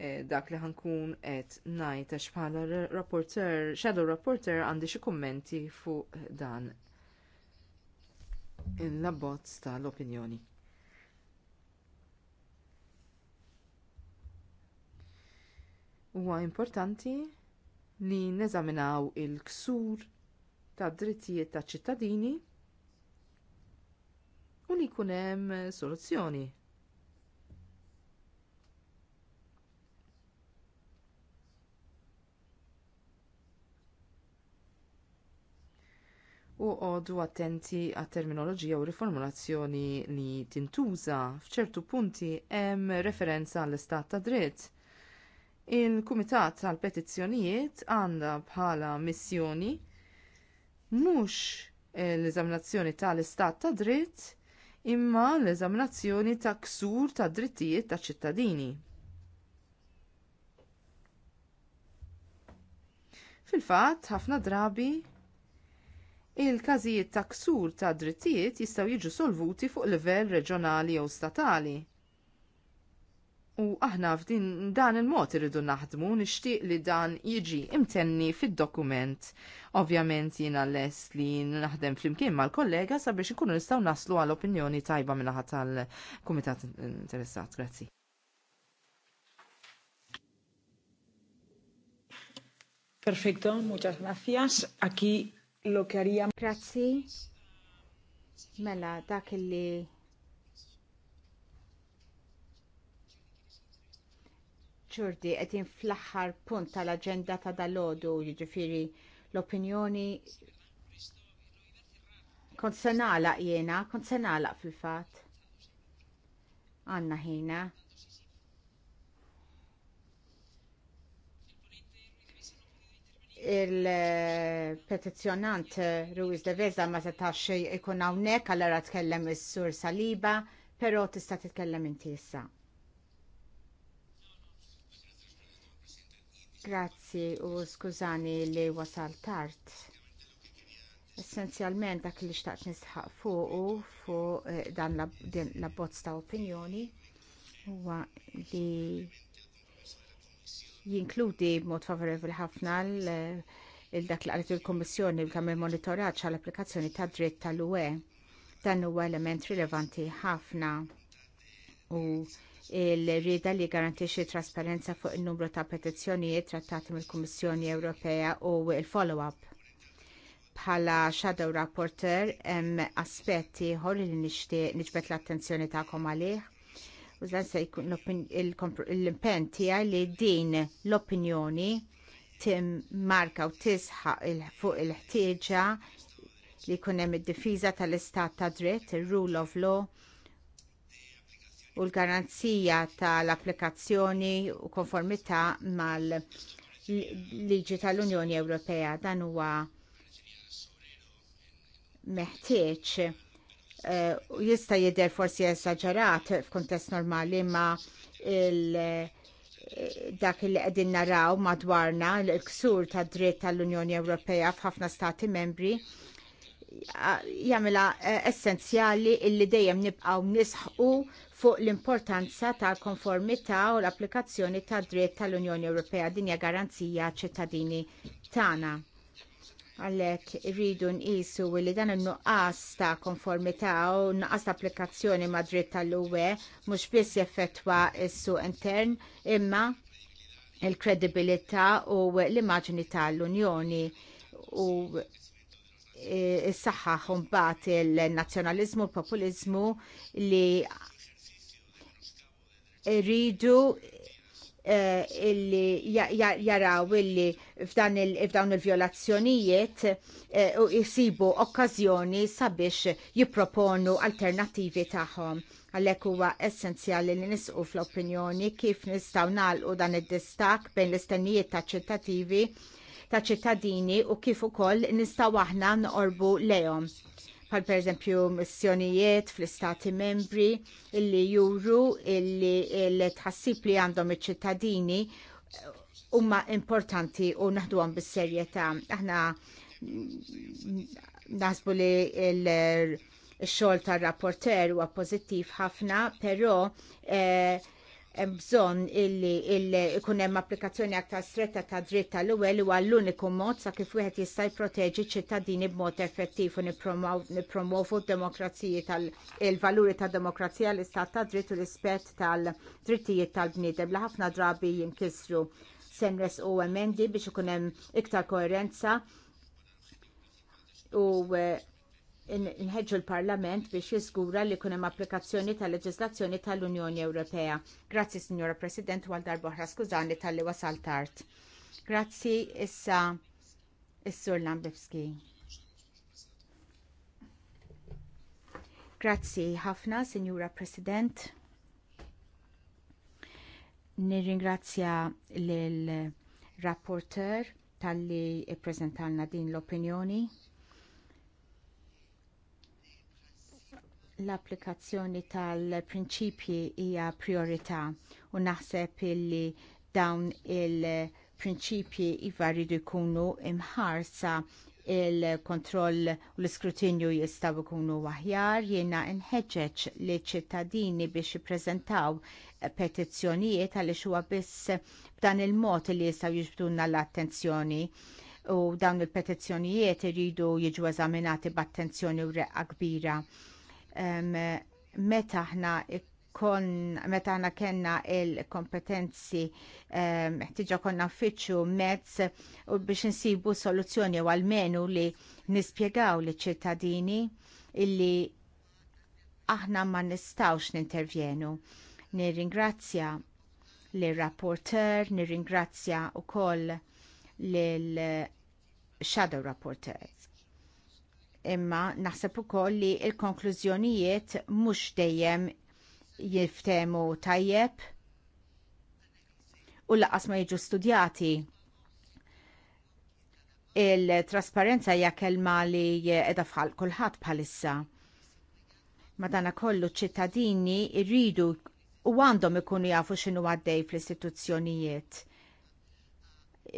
Eh, dak li ħankun qed najt għax bħala rapporter, shadow rapporter għandi xi kummenti fuq dan il-labbozz tal-opinjoni. Huwa importanti li neżaminaw il-ksur tad drittijiet taċ ċittadini u li jkun hemm soluzzjoni u għodu attenti għat terminoloġija u riformulazzjoni li tintuża f'ċertu punti hemm referenza għall-istat ta' dritt. Il-Kumitat tal-Petizzjonijiet għandha bħala missjoni mhux l-eżaminazzjoni tal-istat ta' dritt imma l-eżaminazzjoni ta' ksur tad drittijiet taċ ċittadini. Fil-fatt, ħafna drabi il-każijiet ta' ksur ta' drittijiet jistgħu jiġu solvuti fuq livell reġjonali jew statali. U aħna f'din dan il-mod irridu naħdmu nixtieq li dan jiġi imtenni fid-dokument. Ovvjament jiena lest li naħdem flimkien mal-kollega sabiex inkunu nistgħu naslu għal opinjoni tajba minn tal-kumitat interessat. Grazzi. Perfecto, muchas gracias. Aquí lo que Grazzi. Mela, dak li ċurdi qegħdin fl-aħħar punt tal-aġenda ta' dalodu, jiġifieri l-opinjoni kont se nagħlaq jiena, kont se nagħlaq fil-fatt. Anna ħina. il-petizjonant Ruiz de Veza ma setax ikun hawnhekk allora tkellem is-sur Saliba, però tista' titkellem inti issa. Grazzi u skużani li wasal tard. Essenzjalment dak li xtaqt nisħaq fuq u eh, fuq dan la bozz ta' opinjoni huwa li jinkludi mod favorevoli ħafna il-dak l qalet il-Kommissjoni b'kamm il-monitoraġġ għall-applikazzjoni tad dritt tal-UE. Dan huwa element rilevanti ħafna u il-rida li garantixi trasparenza fuq in numru ta' petizzjonijiet trattati mill-Kummissjoni Ewropea u l follow-up. Bħala Shadow Rapporteur hemm aspetti ħor li nixtieq niġbed l-attenzjoni tagħkom għalih u se jkun l impen tijaj li din l-opinjoni tim marka u tisħaq fuq il-ħtieġa li jkun hemm id-difiża tal-istat ta' dritt, ir-rule of law, u l-garanzija tal-applikazzjoni u konformità mal-liġi tal-Unjoni Ewropea dan huwa meħtieġ Eh, jista jidher forsi esaġerat f'kuntest normali ma il dak li qegħdin naraw madwarna l-ksur tad dritt tal-Unjoni Ewropea f'ħafna stati membri jagħmilha eh, essenzjali illi dejjem nibqgħu nisħqu fuq l-importanza tal konformità u l-applikazzjoni tad dritt tal-Unjoni Ewropea din hija garanzija ċittadini tagħna Għalhekk irridu nqisu li dan in-nuqqas ta' konformità u nuqqas ta' applikazzjoni mad dritt tal-UE mhux biss jeffettwa s-suq intern imma l kredibilità u l-immaġni tal-Unjoni u s-saħħaħ mbagħad il-nazzjonaliżmu, l-populiżmu li rridu Eh, illi jaraw illi f'dawn il-violazzjonijiet eh, u jisibu okkazjoni sabiex jipproponu alternativi tagħhom. Għalhekk huwa essenzjali li nisqu fl-opinjoni kif nistgħu nagħlqu dan id-distak bejn l-istennijiet ta' ċittativi ta' ċittadini u kif ukoll nistgħu aħna nqorbu lejhom pal per eżempju missjonijiet fl-istati membri illi juru illi l-tħassib li għandhom iċ-ċittadini eh, huma importanti u naħduhom bis-serjetà. Aħna naħsbu li l-xogħol tar-rapporter huwa pożittiv ħafna, però eh, bżonn illi ikun hemm applikazzjoni aktar stretta ta' dritt tal-ewwel huwa l-uniku mod sa kif wieħed jista' jproteġi ċittadini b'mod effettiv u nippromovu d-demokrazija tal-valuri tad-demokrazija l-istat ta' dritt u l rispett tal-drittijiet tal-bniedem li ħafna drabi jinkisru senres u emendi biex ikun hemm iktar koerenza u eh, nħedġu l-Parlament biex jiżgura li jkun hemm applikazzjoni tal-leġislazzjoni tal-Unjoni Ewropea. Grazzi, Signora President, għal darbohra skużani tal-li wasal tard. Grazzi, issa, Is-Sur Lambevski. Grazzi ħafna, Signora President. Nirringrazzja l-rapporter tal-li prezentalna din l-opinjoni l-applikazzjoni tal-prinċipji hija priorità u naħseb illi dawn il-prinċipji iva rridu jkunu imħarsa il-kontroll u l-iskrutinju jistaw ikunu aħjar jiena nħeġġeġ li ċittadini biex jippreżentaw petizzjonijiet għaliex huwa biss b'dan il-mod li jistgħu jiġbduna l-attenzjoni u dawn il-petizzjonijiet iridu jiġu eżaminati b'attenzjoni u reqqa kbira meta ħna kon meta għana il-kompetenzi tiġa konna fitxu mezz u biex nsibu soluzzjoni u għalmenu li nispiegaw li ċittadini illi aħna ma nistawx nintervjenu. Nirringrazzja li rapporter, nirringrazzja u koll l-shadow rapporters imma naħseb ukoll li l konklużjonijiet mhux dejjem jiftemu tajjeb u laqas ma jiġu studjati il-trasparenza hija kelma li qiegħda fħal kulħadd bħalissa. Madana kollu ċittadini rridu u għandhom ikunu jafu x'inhu għaddej fl-istituzzjonijiet.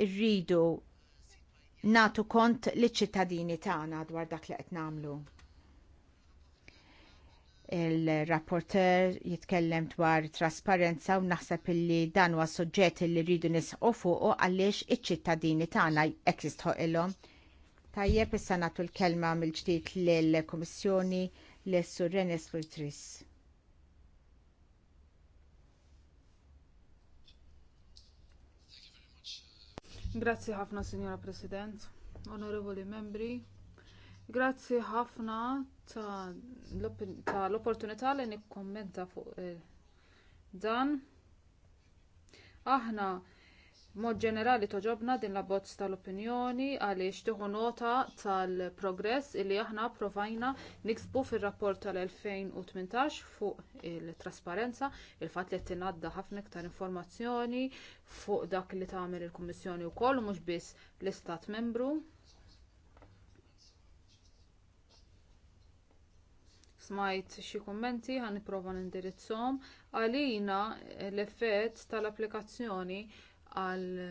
Irridu natu kont li ċittadini tagħna dwar dak li qed nagħmlu. Il-rapporter jitkellem dwar trasparenza u naħseb illi dan huwa suġġett li rridu nisqu fuqu għaliex iċ-ċittadini tagħna hekk jistħoq ilhom. Tajjeb issa nagħtu l-kelma mill-ġdid lill-Kummissjoni l Renes Lutris. Grazzi ħafna, Signora President, Onorevoli Membri. Grazzi ħafna ta' l-opportunità li nikkommenta fuq eh, dan. Aħna Mod ġenerali toġobna din l-abbozz tal-opinjoni għaliex tieħu nota tal-progress illi aħna provajna niksbu fir-rapport tal-2018 fuq il-trasparenza, il-fatt li qed tingħadda ħafna iktar informazzjoni fuq dak li tagħmel il-Kummissjoni wkoll mhux biss l-Istat Membru. smajt xi kummenti ħan nipprova għalina l-effett tal-applikazzjoni għal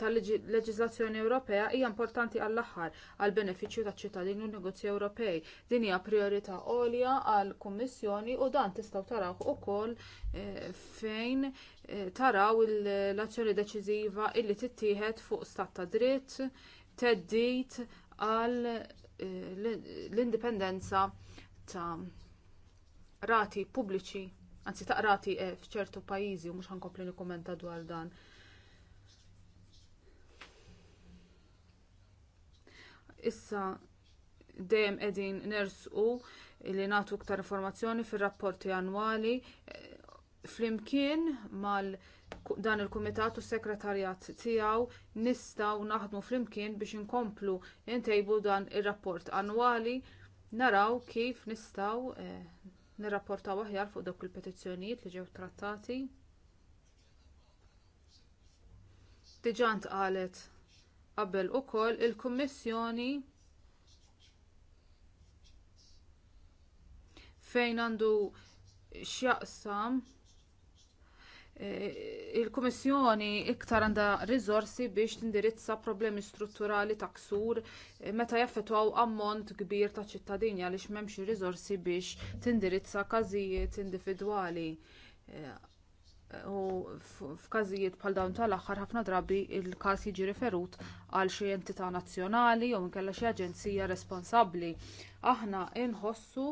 tal-leġiżlazzjoni Ewropea hija importanti għall-aħħar għall benefiċċju taċ-ċittadini u negozji Ewropej. Din hija priorità għolja għall kummissjoni u dan tistgħu taraw ukoll eh, fejn eh, taraw l-azzjoni deċiżiva illi tittieħed fuq stat ta' dritt teddit għal eh, l-indipendenza ta' rati pubbliċi anzi taqrati eh, f'ċertu pajjiżi u mhux ħankompli nikkumenta dwar dan. Issa dejjem qegħdin nersqu li nagħtu iktar informazzjoni fir-rapporti annwali eh, flimkien mal dan il-kumitat u s-sekretarjat tiegħu nistgħu naħdmu flimkien biex inkomplu ntejbu dan ir-rapport annwali naraw kif nistgħu eh, nirrapportaw aħjar fuq dawk il-petizzjonijiet li ġew trattati. Diġà ntqalet qabel ukoll il-Kummissjoni fejn għandu x'jaqsam Eh, il-Kummissjoni iktar għandha riżorsi biex tindirizza problemi strutturali ta' ksur eh, meta jaffetwaw ammont kbir ta' ċittadini għaliex m'hemmx riżorsi biex tindirizza każijiet individwali eh, u f'każijiet bħal dawn tal-aħħar ħafna drabi l każ jiġi riferut għal xi entità nazzjonali jew inkella xi aġenzija responsabbli. Aħna nħossu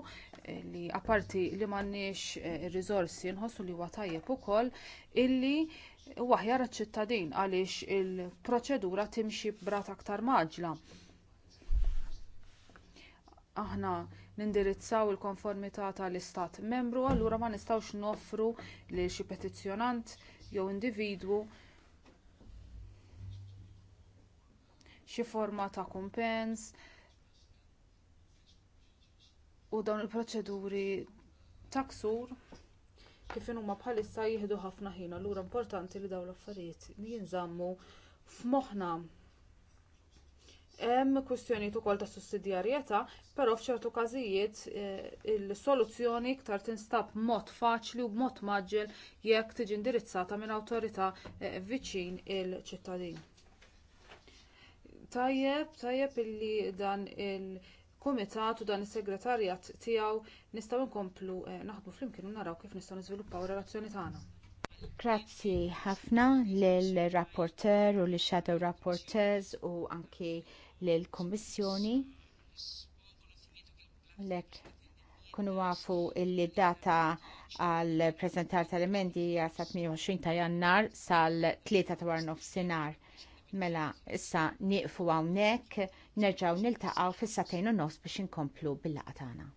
li apparti li m'għandniex eh, ir-riżorsi nħossu li huwa tajjeb ukoll illi waħjar ċittadin għaliex il-proċedura timxi b'rat aktar maġla aħna nindirizzaw il-konformità tal-istat membru, allura ma nistgħux noffru li xi petizzjonant jew individwu xi forma ta' kumpens u dawn il-proċeduri ta' ksur kif huma bħalissa jieħdu ħafna ħin allura importanti li dawn l-affarijiet jinżammu f'moħħna Hemm kwistjonijiet ukoll ta' sussidjarjetà, però f'ċertu każijiet eh, il-soluzzjoni iktar tinstab b'mod faċli u b'mod maġġel jekk tiġi indirizzata minn awtorità eh, viċin il-ċittadin. Tajjeb, tajjeb illi dan il-kumitat u dan is-segretarjat tiegħu nistgħu nkomplu eh, naħdmu flimkien u naraw kif nistgħu niżviluppaw relazzjoni tagħna. Grazzi ħafna lill rapporteur u l-shadow rapporteurs u anki lill-Kummissjoni lek kunu għafu illi data għal prezentar tal-emendi sa 28 ta' jannar sal-3 ta' warno Mela, issa nieqfu għawnek, nerġaw niltaqaw fis-satajn u nofs biex inkomplu bil tagħna.